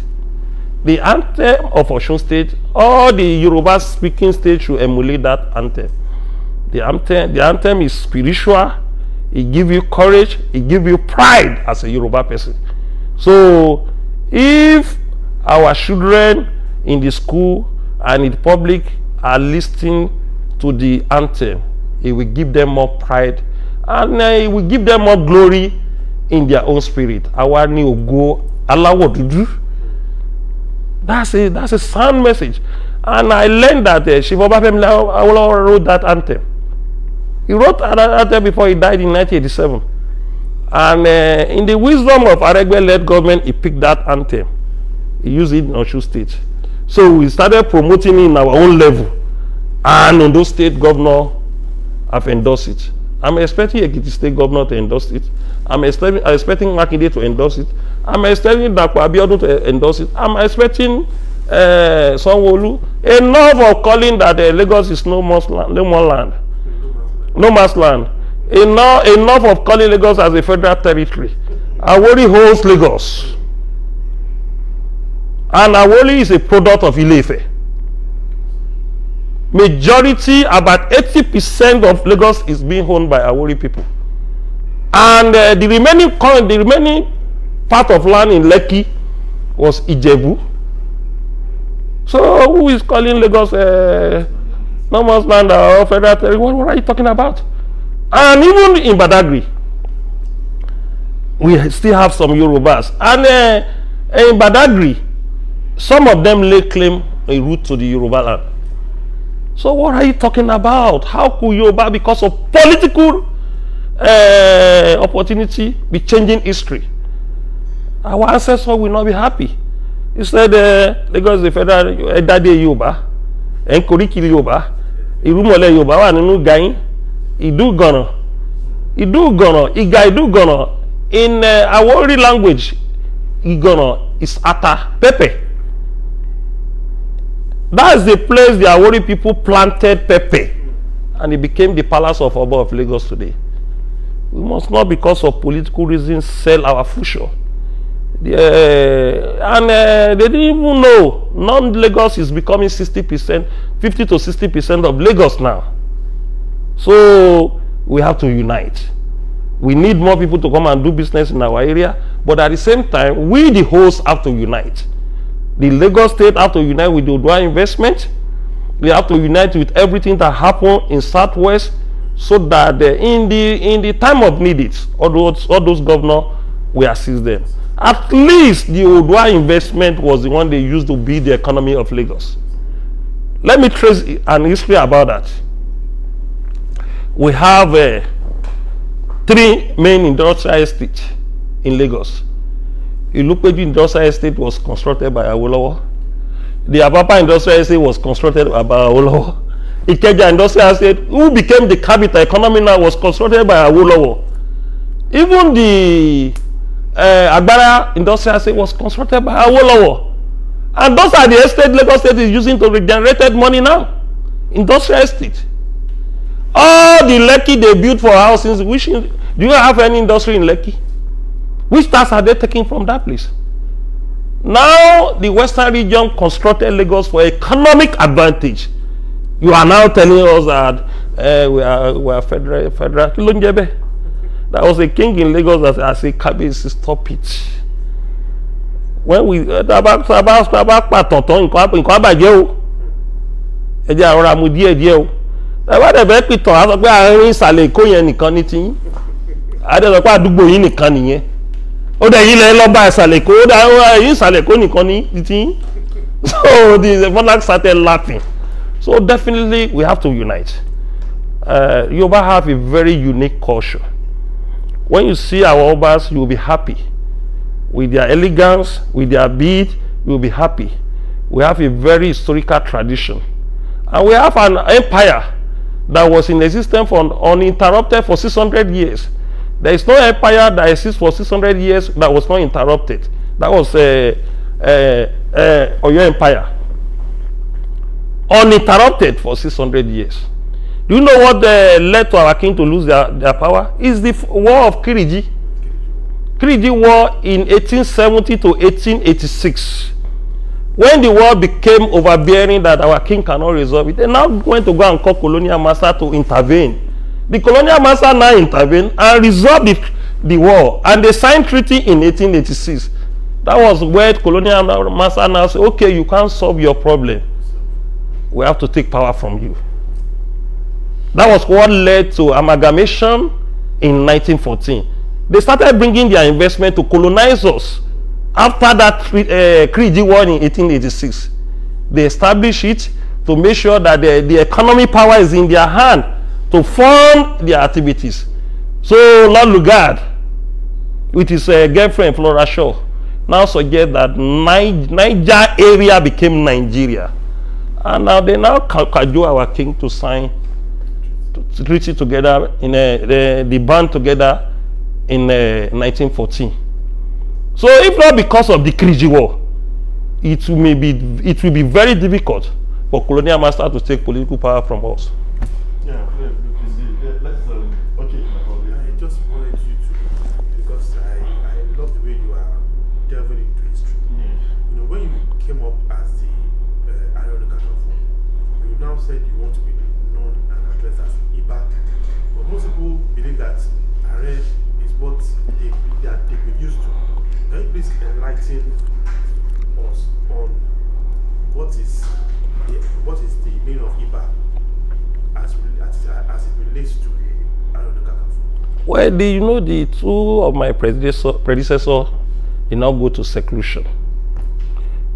The anthem of Osun State, all the Yoruba speaking states should emulate that anthem. The anthem, the anthem is spiritual, it gives you courage, it gives you pride as a Yoruba person. So if our children in the school and in the public are listening to the anthem, it will give them more pride and uh, it give them more glory in their own spirit Our ni ògo aláwọ̀ dúdú that's a that's a sound message and I learned that uh, Shiva Obafemi Awolowo wrote that anthem he wrote that anthem before he died in 1987 and uh, in the wisdom of Aregbe-led government he picked that anthem he used it in Osun State so we started promoting it in our own level and Ondo State governor have endorsed it I'm expecting Ekiti State Governor to endorse it. I'm expecting, I'm expecting Makinde to endorse it. I'm expecting Dapo Abiodun to endorse it. I'm expecting uh, eh, sanwo Enough of calling that uh, Lagos is no more land. No more land. No man's land. Enough, enough of calling Lagos as a federal territory. Awori holds Lagos. And Awori is a product of Ilefe majority, about 80% of Lagos is being owned by Awori people. And uh, the remaining the remaining part of land in Lekki was Ijebu. So who is calling Lagos uh, no land or federal territory? What, are you talking about? And even in Badagri, we still have some Yorubas. And uh, in Badagri, some of them lay claim a route to the Yoruba land. So what are you talking about? How could Yoruba, because of political uh, opportunity, be changing history? Our ancestors will not be happy. Instead, uh, Lagos the federal Ẹ̀dádé eh, Yorùbá, Ẹ̀ńkoríkìlì Yorùbá, Ìrúmọ̀lẹ̀ Yorùbá wà nínú Gayin, Ìdúgànà, Ìdúgànà, Ìgà Ìdúgànà. In uh, our language, Ìgànà is ata, pepe." That's the place the Awori people planted Pepe. And it became the palace of Oba of Lagos today. We must not, because of political reasons, sell our future. uh, and uh, they didn't even know. Non-Lagos is becoming 60%, 50 to 60% of Lagos now. So we have to unite. We need more people to come and do business in our area. But at the same time, we the hosts have to unite. The Lagos state have to unite with the Odua investment. They have to unite with everything that happened in Southwest so that the, in, the, in the time of need, all those, all those governors will assist them. At least the Odua investment was the one they used to build the economy of Lagos. Let me trace an history about that. We have uh, three main industrial estates in Lagos. Ilupeju Industrial Estate was constructed by Awolowo. The Apapa Industrial Estate was constructed by Awolowo. Ikeja Industrial Estate, who became the capital economy now, was constructed by Awolowo. Even the uh, Agbara Industrial Estate was constructed by Awolowo. And those are the estate Lagos State is using to regenerate money now. Industrial Estate. All the Lekki they built for housing, which do you have any industry in Lekki? Which tax are they taking from that place? Now the Western region constructed Lagos for economic advantage. You are now telling us that eh, we are we are federal federal. Kí ló ń jẹ́ bẹ́ẹ̀? That was a king in Lagos that I say Kabiyesi stop it. When we taba taba taba pàtàn tán nǹkan nǹkan àbàjẹ́ o. Ẹ jẹ́ àwọn ọ̀rọ̀ àmú díẹ̀ díẹ̀ o. Tàbá dẹ̀ bẹ́ẹ̀ pìtàn á sọ pé àárín ìsàlẹ̀ Èkó yẹn nìkan ní tiyín. Adé sọ pé àdúgbò yín nìkan nìyẹn ó dẹ̀ yín lẹ́ lọ́ba ìsàlẹ̀kó ó dẹ̀ ẹ̀yìn ìsàlẹ̀kó nìkan ní títí so the monarch started laughing so definitely we have to unite uh, Yoruba have a very unique culture when you see our Obas you will be happy with their elegance with their beat you will be happy we have a very historical tradition and we have an empire that was in existence for uninterrupted for six hundred years There is no empire that exists for 600 years that was not interrupted. That was uh, uh, uh, Oyo Empire. Uninterrupted for 600 years. Do you know what uh, led to our king to lose their, their power? Is the war of Kiriji. Kiriji war in 1870 to 1886. When the war became overbearing that our king cannot resolve it, they now went to go and call colonial master to intervene The colonial master now intervened and resolved the, the war and they signed treaty in 1886. That was where colonial master now said, okay, you can't solve your problem. We have to take power from you. That was what led to amalgamation in 1914. They started bringing their investment to colonize us. After that uh, War in 1886, they established it to make sure that the, the economy power is in their hand to fund their activities. So Lord Lugard, with his uh, girlfriend Flora Shaw, now suggest that Niger, area became Nigeria. And now they now cajole our king to sign to treaty together in a, uh, the, the band together in uh, 1914. So if not because of the Kriji war, it may be, it will be very difficult for colonial master to take political power from us. they, that they were used to. Can you please enlighten us on what is the, what is the meaning of IBA as, as, as it relates to Ariodo Kakafo? Well, the, you know, the two of my predecessor, predecessor they now go to seclusion.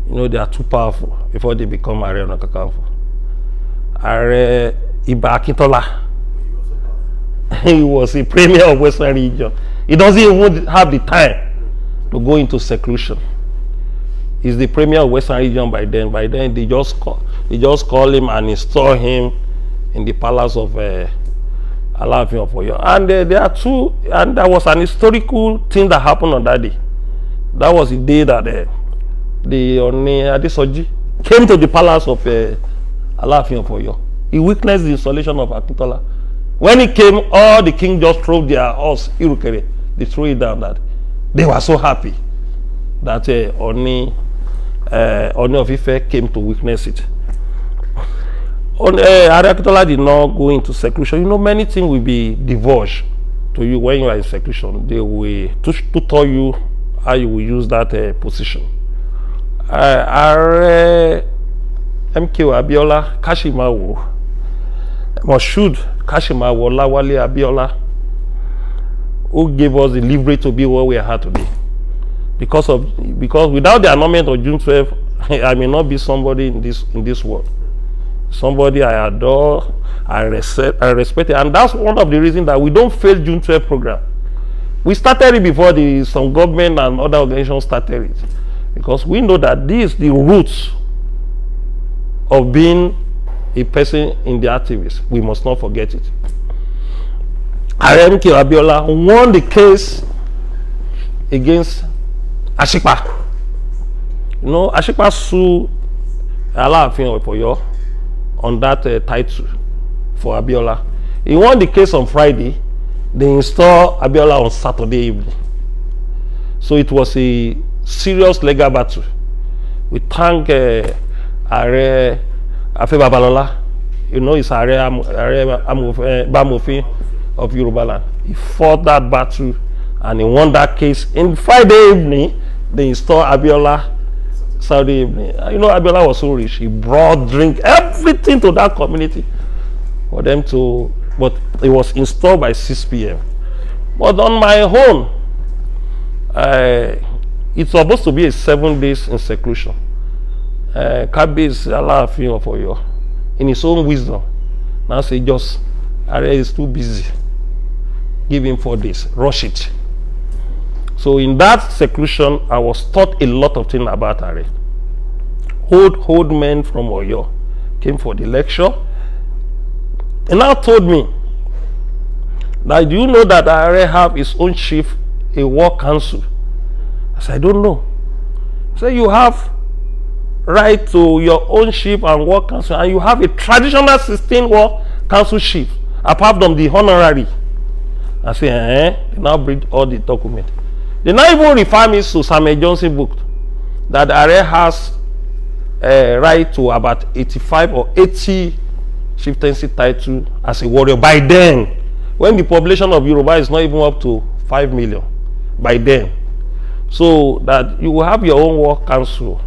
You know, they are too powerful before they become Ariodo Kakafo. Ààrẹ Ìbà Akíntọ́lá. He was the premier of Western Region. He doesn't even have the time to go into seclusion. He's the premier of Western region by then. By then, they just call, they just call him and install him in the palace of uh, of Oyo. And uh, there are two, and that was an historical thing that happened on that day. That was the day that uh, the Oni Adesoji came to the palace of uh, of Oyo. He witnessed the installation of Akintola. When he came, all the king just threw their horse, Irukere, they threw it down that they were so happy that uh, only uh, Oni of Ife came to witness it. On, uh, did not go into seclusion. You know, many things will be divulged to you when you are in seclusion. They will to to tell you how you will use that uh, position. Uh, Ààrẹ MKO Abiola Kashimawo Moshood Kashimawo Lawale Abiola. who gave us the liberty to be what we are today. Because of because without the annulment of June 12, I may not be somebody in this in this world. Somebody I adore, I respect, I respect it. And that's one of the reasons that we don't fail June 12 program. We started it before the some government and other organizations started it. Because we know that this is the roots of being a person in the activist. We must not forget it. RMK Abiola won the case against Ashipa. You know, Ashipa sued Alaafin of Oyo on that uh, title for Abiola. He won the case on Friday. They installed Abiola on Saturday evening. So it was a serious legal battle. We thank uh, Ààrẹ Afe Babalola. You know, it's Ààrẹ Amofin. Uh, Am, Am, of Yoruba land. He fought that battle and he won that case. In Friday evening, they installed Abiola Saturday evening. Uh, you know, Abiola was so rich. He brought drink, everything to that community for them to, but it was installed by 6 p.m. But on my own, uh, it's supposed to be a seven days in seclusion. Uh, a lot of for you. in his own wisdom, now say just, Are is too busy. give him four days, rush it. So in that seclusion, I was taught a lot of things about Are. Old, old men from Oyo came for the lecture and now told me that do you know that Are have his own chief, a war council? I said, I don't know. So you have right to your own chief and war council and you have a traditional 16 war council chief apart from the honorary and say, eh, they now bring all the document. They now even refer me to Samuel Johnson book that Ààrẹ has uh, right to about 85 or 80 chieftaincy title as a warrior by then when the population of Yoruba is not even up to 5 million by then so that you will have your own war council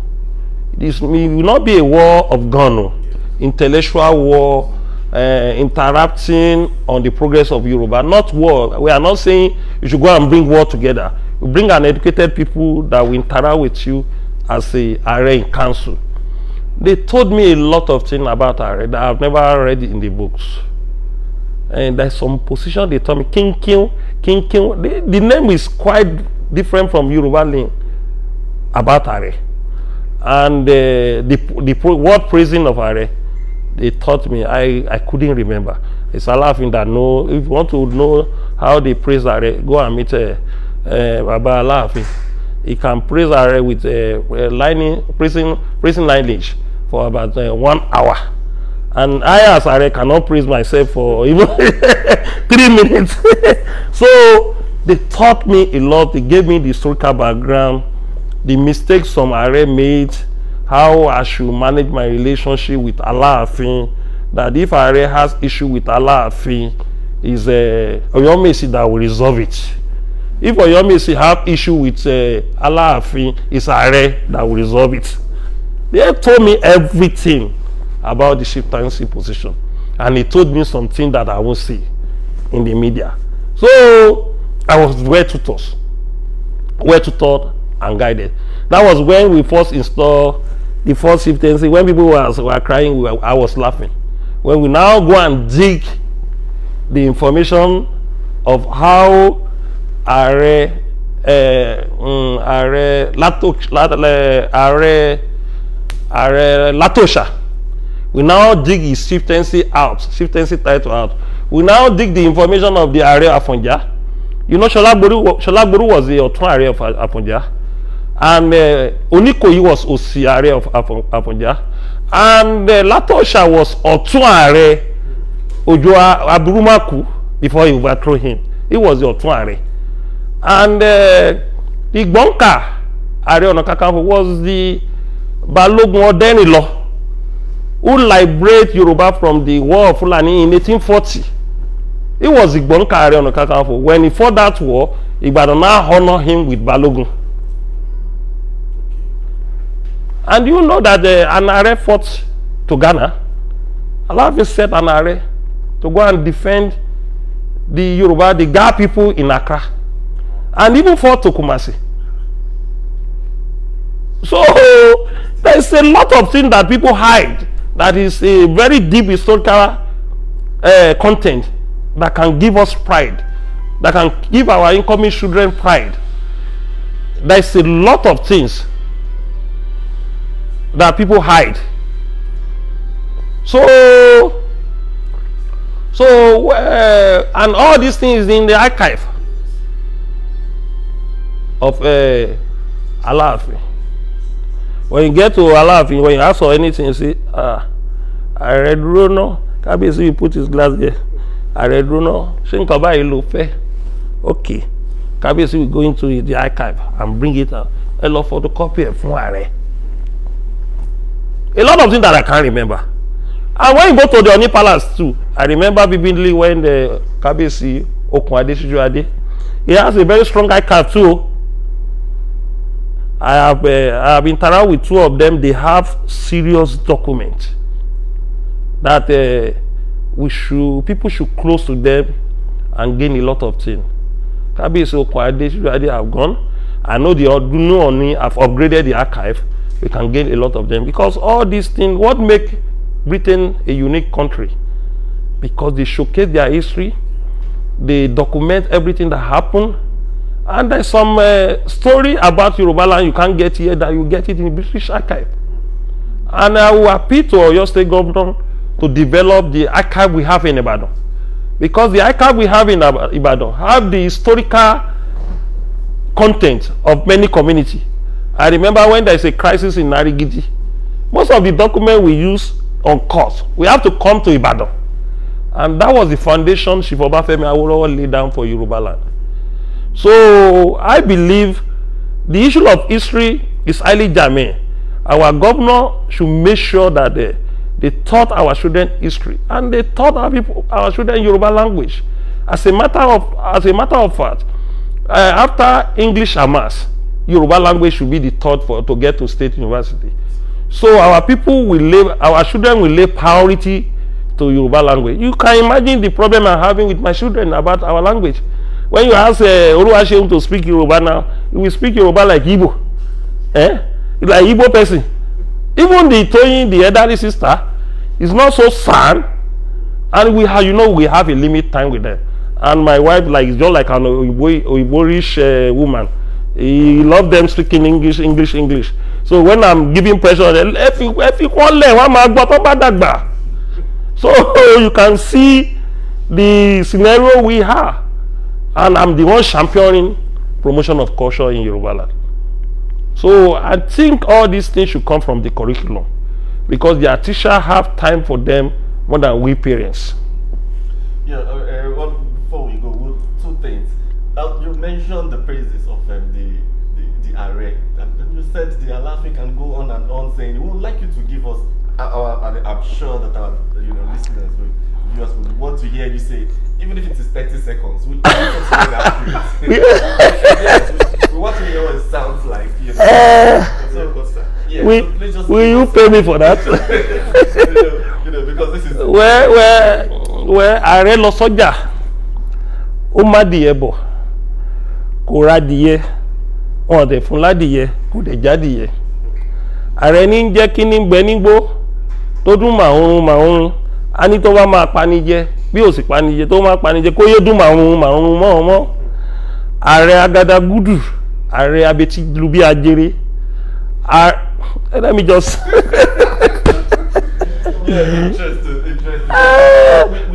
this will not be a war of gun oh. intellectual war uh, on the progress of Yoruba, not war. We are not saying you should go and bring war together. You bring an educated people that will interact with you as a array in council. They told me a lot of things about array that I've never read in the books. And there's some position they told me, King King, King King. The, the name is quite different from Yoruba name about array. And uh, the, the word praising of array they taught me, I, I couldn't remember. It's a laughing that no, if you want to know how they praise Are, go and meet uh, uh, Baba Alaafin. He can praise Are with uh, uh lining, praising, praising language for about uh, one hour. And I as Are cannot praise myself for even three minutes. so they taught me a lot. They gave me the historical background, the mistakes some Are made, how I should manage my relationship with Allah. Alaafin that if Ààrẹ has issue with Allah, Alaafin is uh, Oyomesi that will resolve it if Oyomisi have issue with uh, Alaafin is Ààrẹ that will resolve it they told me everything about the chieftaincy position and he told me something that I won't see in the media so I was well tutored well tutored and guided that was when we first installed the first chieftaincy when people were, were crying we were, i was laughing when we now go and dig the information of how are ààrẹ eh, mm, ààrẹ ààrẹ Latosha we now dig his chieftaincy out chieftaincy title out we now dig the information of the ààrẹ Afonja you know Shola Gboru was the ọ̀tún area of Afonja and uh, Onikoyi was Osi of Abuja and uh, Latosha was Otuare, Ojo Aburumaku before he overthrew him he was the Ọ̀tún and uh, Igbonka Ààrẹ Ọ̀nà Kakanfò was the Balogun Ọdẹ́rìnlọ who liberated Yoruba from the war of Fulani in 1840 It was Igbonka Ààrẹ Ọ̀nà Kakanfò when he fought that war Ibadan now honour him with Balogun. And you know that the eh, an fought to Ghana. of set an Anare to go and defend the Yoruba, the Ga people in Accra, and even fought to Kumasi. So there is a lot of things that people hide that is a very deep historical uh, content that can give us pride, that can give our incoming children pride. There is a lot of things that people hide. So, so uh, and all these things in the archive of uh, Alaafin. When you get to Alaafin, when you ask for anything, you see, ah, I read Rono. Kábíyèsí, you put his glass there. I read Rono. Ṣé nǹkan báyìí ló fẹ́? Okay. Kábíyèsí will go into the archive and bring it out. A Ẹ lọ photocopy ẹ̀ fún ààrẹ a lot of things that I can't remember. And when you go to the Oni Palace too, I remember vividly when the uh, Kabisi Okunade Sijuade, he has a very strong eye card too. I have uh, I have interacted with two of them. They have serious documents that uh, we should people should close to them and gain a lot of things. Kabisi Okunade Sijuade have gone. I know the new Oni have upgraded the archive we can gain a lot of them because all these things what make britain a unique country because they showcase their history they document everything that happened and there's some uh, story about yoruba land you can't get here that you get it in british archive and i will appeal to your state governor to develop the archive we have in ibadan because the archive we have in ibadan have the historical content of many communities I remember when there's a crisis in Narigidi, most of the document we use on course, we have to come to Ibadan. And that was the foundation I Obafemi Awolowo laid down for Yoruba land. So I believe the issue of history is highly germane. Our governor should make sure that they, they taught our children history and they taught our, people, our children Yoruba language. As a matter of, as a matter of fact, uh, after English Amas, Yoruba language should be the third for to get to state university. So our people will lay, our children will lay priority to Yoruba language. You can imagine the problem I'm having with my children about our language. When you ask uh, eh, Oluwaseun to speak Yoruba now, he will speak Yoruba like Igbo. Eh? Like Igbo person. Even the Toyin, the elderly sister, is not so sad. And we have, you know, we have a limit time with them. And my wife, like, is just like an Oyiborish uh, woman he love them speaking english english english so when i'm giving pressure ẹ fi ẹ fi kọ́ lẹ̀ wọ́n á máa gbọ́ tó so you can see the scenario we have and i'm the one championing promotion of culture in Yoruba land so i think all these things should come from the curriculum because the teacher have time for them more than we parents. Yeah, uh, uh uh, you mentioned the praises of um, the, the, the array, and then you said the Alafi can go on and on saying, we would like you to give us, our, our, I'm sure that our you know, listeners will, viewers would want to hear you say, even if it is 30 seconds, we'll want to hear what it sounds like. You know. uh, so, yeah, we, so will you pay me for that? you, know, because this is... Where, where, where, Are Losoja, Umadi Ebo. kò rádìyẹ wọn ò dẹ̀ fún ládìyẹ kò dẹ̀ jádìyẹ ààrẹ ní ń jẹ́ kí ní gbẹ nígbó tó dún màrún màrún a ní tó bá máa panijẹ bí ò sì panijẹ tó máa panijẹ kó yé dún màrún màrún mọ́ ọmọ ààrẹ agadagudu ààrẹ abetí lu bí ajere ààrẹ let me just. yeah,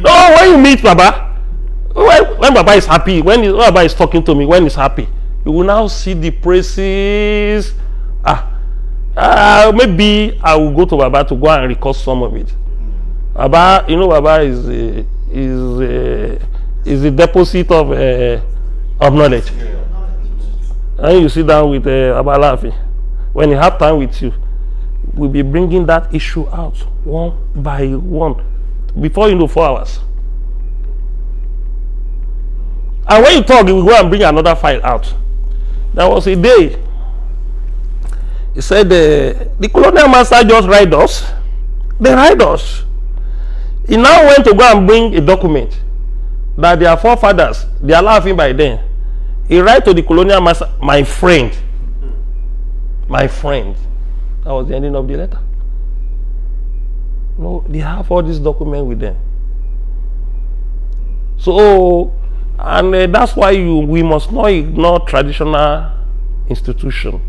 no, when you meet Baba when, when Baba is happy, when, when Baba is talking to me, when he's happy, you will now see the praises. Ah, uh, maybe I will go to Baba to go and record some of it. Baba, you know, Baba is a, is a, is the deposit of uh, of knowledge. And you sit down with uh, Baba laughing. When he have time with you, we'll be bringing that issue out one by one before you know four hours. And when you talk, you will go and bring another file out. There was a day. He said, uh, the colonial master just ride us. They ride us. He now went to go and bring a document that their forefathers, they are laughing by then. He write to the colonial master, my friend. My friend. That was the ending of the letter. No, they have all these documents with them. So And uh, that's why you, we must not ignore traditional institution.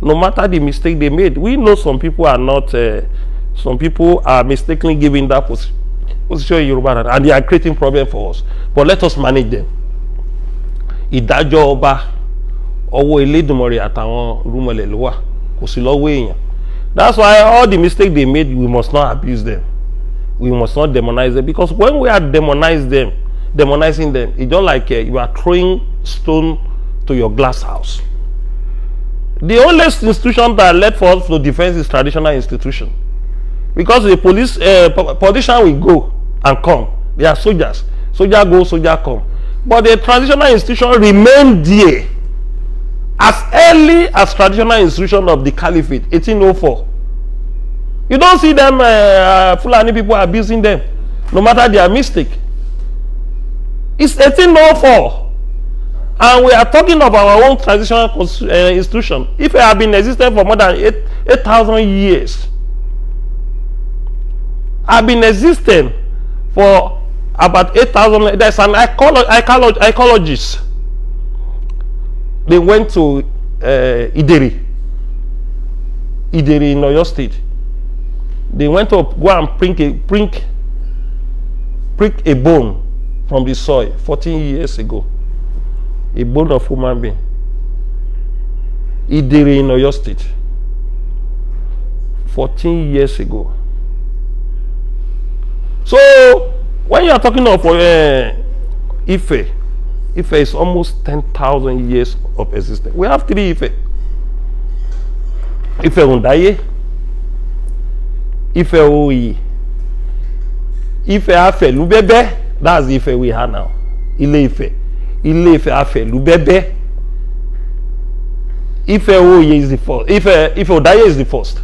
No matter the mistake they made, we know some people are not, uh, some people are mistakenly giving that position, position in Yoruba and they are creating problem for us. But let us manage them. Idajo oba, owo Elédùmarè àtàwọn rúmọlẹ̀ ló wà kò sí lọ́wọ́ That's why all the mistake they made, we must not abuse them. We must not demonize them because when we are demonize them, demonizing them. It's not like uh, you are throwing stone to your glass house. The only institution that led for us to defense is traditional institution. Because the police, uh, politician will go and come. They are soldiers. Soldier go, soldier come. But the traditional institution remained there as early as traditional institution of the caliphate, 1804. You don't see them, eh, uh, Fulani people abusing them, no matter their mistake. It's 1804. And we are talking about our own transitional uh, institution. If it had been existed for more than 8,000 8, years, have been existing for about 8,000. There's an ecolo ecolo ecologist. They went to uh, Ideri, Ideri in Oyo State. They went to go and print a, print, a bone from the soil 14 years ago, a bone of human being. Idere in Oyo State, 14 years ago. So, when you are talking of uh, Ife, Ife is almost 10,000 years of existence. We have three Ife. Ife Undaye, Ife Oyi, Ife Afelubebe, that's the Ife we have now Ilé Ifẹ̀ Ilé Ifẹ̀ afẹ̀lú bẹ́bẹ́ Ife Oye is the first Ife Ife Odaye is the first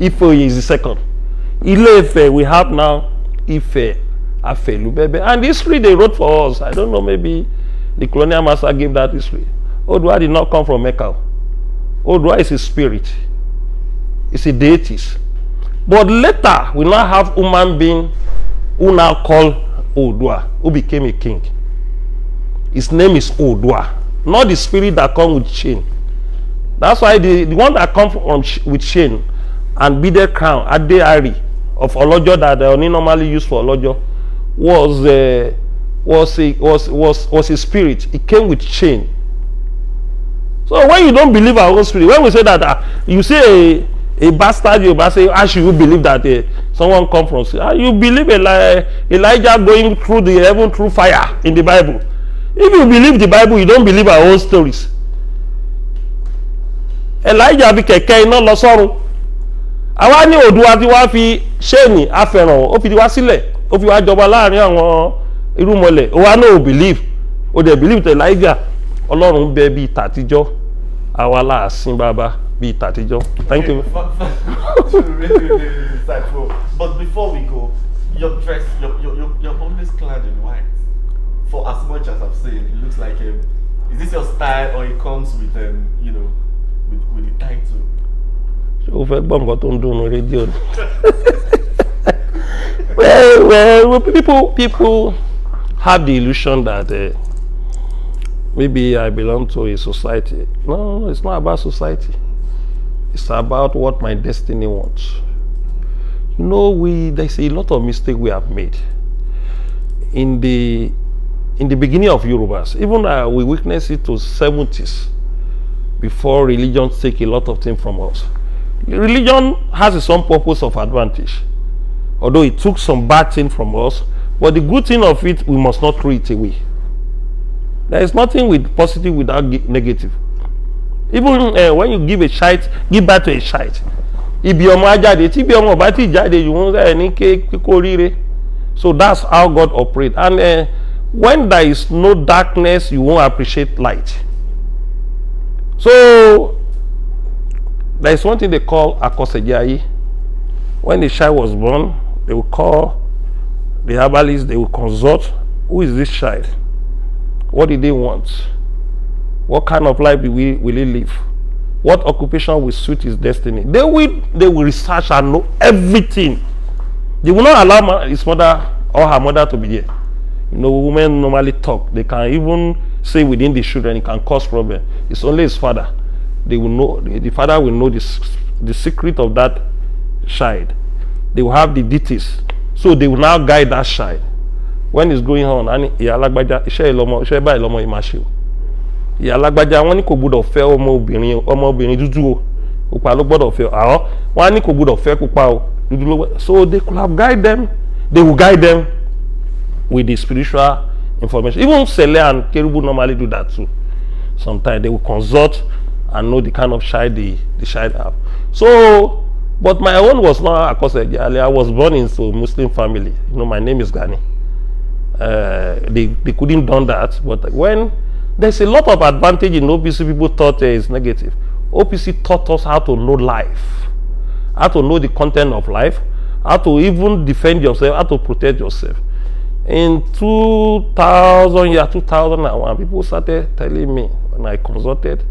Ife Oye is the second Ilé Ifẹ̀ we have now Ife afẹ̀lú bẹ́bẹ́ and history they wrote for us I don't know maybe the colonial master gave that history Odua did not come from Mecca Odua is a spirit is a deities but later we now have human being who now call Odua, who became a king. His name is Odua, not the spirit that come with chain. That's why the, the one that come from with chain and be beaded crown, at Ade Ari, of Olojo that they only normally use for Olojo, was uh, was a was was was a spirit. It came with chain. So when you don't believe our own spirit, when we say that uh, you say a bastard Yoruba say how should you believe that uh, someone come from sea uh, you believe Eli eh, Elijah going through the heaven through fire in the Bible if you believe the Bible you don't believe our own stories Elijah bí kẹ̀kẹ́ iná lọ sọ́run àwa ní Oòduà tí wàá fi ṣéènì afẹ́ràn ó fi wá sílẹ̀ ó fi wá jọba láàrin àwọn irúmọlẹ̀ òwa náà ò believe ó dẹ̀ believe tẹ̀ Elijah Ọlọ́run bẹ bíi tàtijọ́ àwa láàsìn bàbá. thank you. but before we go your dress you're, always clad in white for as much as I've seen it looks like um, is this your style or it comes with um, you know with, with the title. ṣé well well people people have the illusion that. Uh, maybe I belong to a society. No, no, it's not about society. It's about what my destiny wants. You know, we there's a lot of mistake we have made. In the in the beginning of Yorubas, even uh, we witnessed it to 70s before religion take a lot of things from us. Religion has its own purpose of advantage, although it took some bad thing from us. But the good thing of it, we must not throw it away. There is nothing with positive without negative. even uh, when you give a child give back to a child ibi ọmọ á jáde tí ibi ọmọ ò bá ti jáde you won't ẹ eh, ní kíkó ríre so that's how God operate and uh, when there is no darkness you won't appreciate light so there is one thing they call akosejayi when the child was born they will call the herbalist they will consult who is this child what did they want What kind of life will, we, will he live? What occupation will suit his destiny? They will, they will research and know everything. They will not allow his mother or her mother to be there. You know, women normally talk. They can even say within the children, it can cause problem. It's only his father. They will know, the father will know the the secret of that child. They will have the details. So they will now guide that child. When it's going on, and ìyá alágbájá, iṣẹ́ ìlọmọ, iṣẹ́ báyìí lọmọ yìí máa ṣe ìyá alágbájá wọn ní kò gbọdọ̀ fẹ́ ọmọbìnrin ọmọbìnrin dúdú o pupa ló gbọdọ̀ fẹ́ àwọn wọn á ní kò gbọdọ̀ fẹ́ pupa o dúdú ló wẹ́ so they could have guide them they will guide them with the spiritual information even Sele and Kerubu normally do that too sometimes they will consult and know the kind of child the the child have so but my own was not Akosede I was born into a Muslim family you know my name is Gani uh, they they couldn't done that but when There's a lot of advantage in OPC people thought uh, is negative. OPC taught us how to know life, how to know the content of life, how to even defend yourself, how to protect yourself. In 2000, yeah, 2001, people started telling me when I consulted,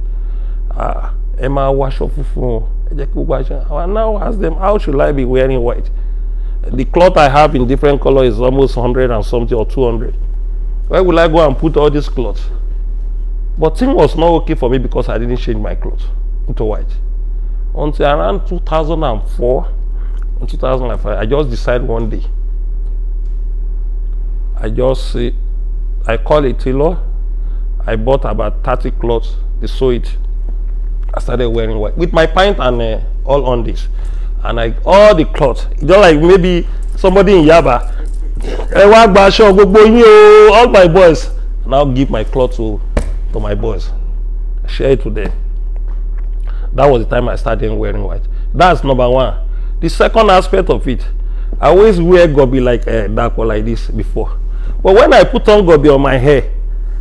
ah, Emma Washofufu, I now ask them, how should I be wearing white? The cloth I have in different color is almost 100 and something or 200. Where will I go and put all these clothes? But thing was not okay for me because I didn't change my clothes into white. Until around 2004 and 2005, I just decided one day. I just, uh, I call a tailor. I bought about 30 clothes. They sew it. I started wearing white with my pint and uh, all on this. And I, all the clothes, just like maybe somebody in Yaba, all my boys, now give my clothes to to my boys. share it today. That was the time I started wearing white. That's number one. The second aspect of it, I always wear gobi like uh, dark or like this before. But when I put on gobi on my hair,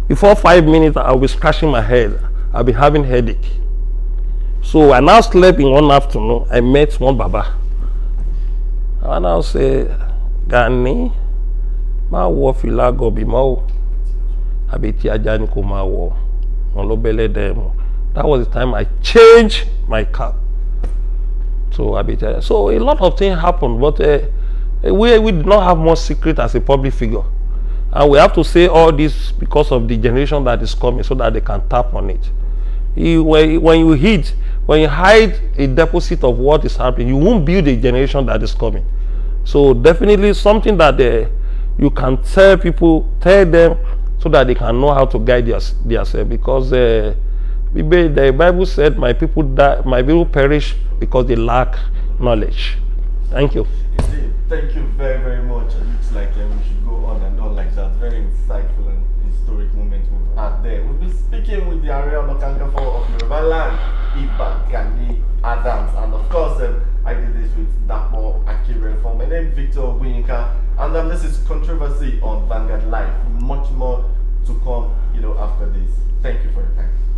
before five minutes, I'll be scratching my head. I'll be having headache. So I now slept in one afternoon. I met one baba. And I'll say, Gani, my wife will gọ̀bì mọ́ o àbí tí ajá ni kò máa wọ̀ wọn ló bẹ́lẹ̀ dẹ̀ that was the time I changed my cap So àbí tí ajá so a lot of things happened but uh, we we did not have much secret as a public figure and we have to say all this because of the generation that is coming so that they can tap on it when, when you hid when you hide a deposit of what is happening you won't build a generation that is coming so definitely something that uh, you can tell people tell them so that they can know how to guide themselves. Because uh, the Bible said, "My people die, my people perish because they lack knowledge." Thank you. Indeed. Thank you very very much. It looks like um, we should go on and on like that. Very insightful and historic moment we've had there. We've speaking with the Ariel Okankafo of Yoruba land, Iba Gani Adams. And of course, um, I did this with Dapo For My name is Victor Winika, and um, this is Controversy on Vanguard Life. Much more to come, you know, after this. Thank you for your time.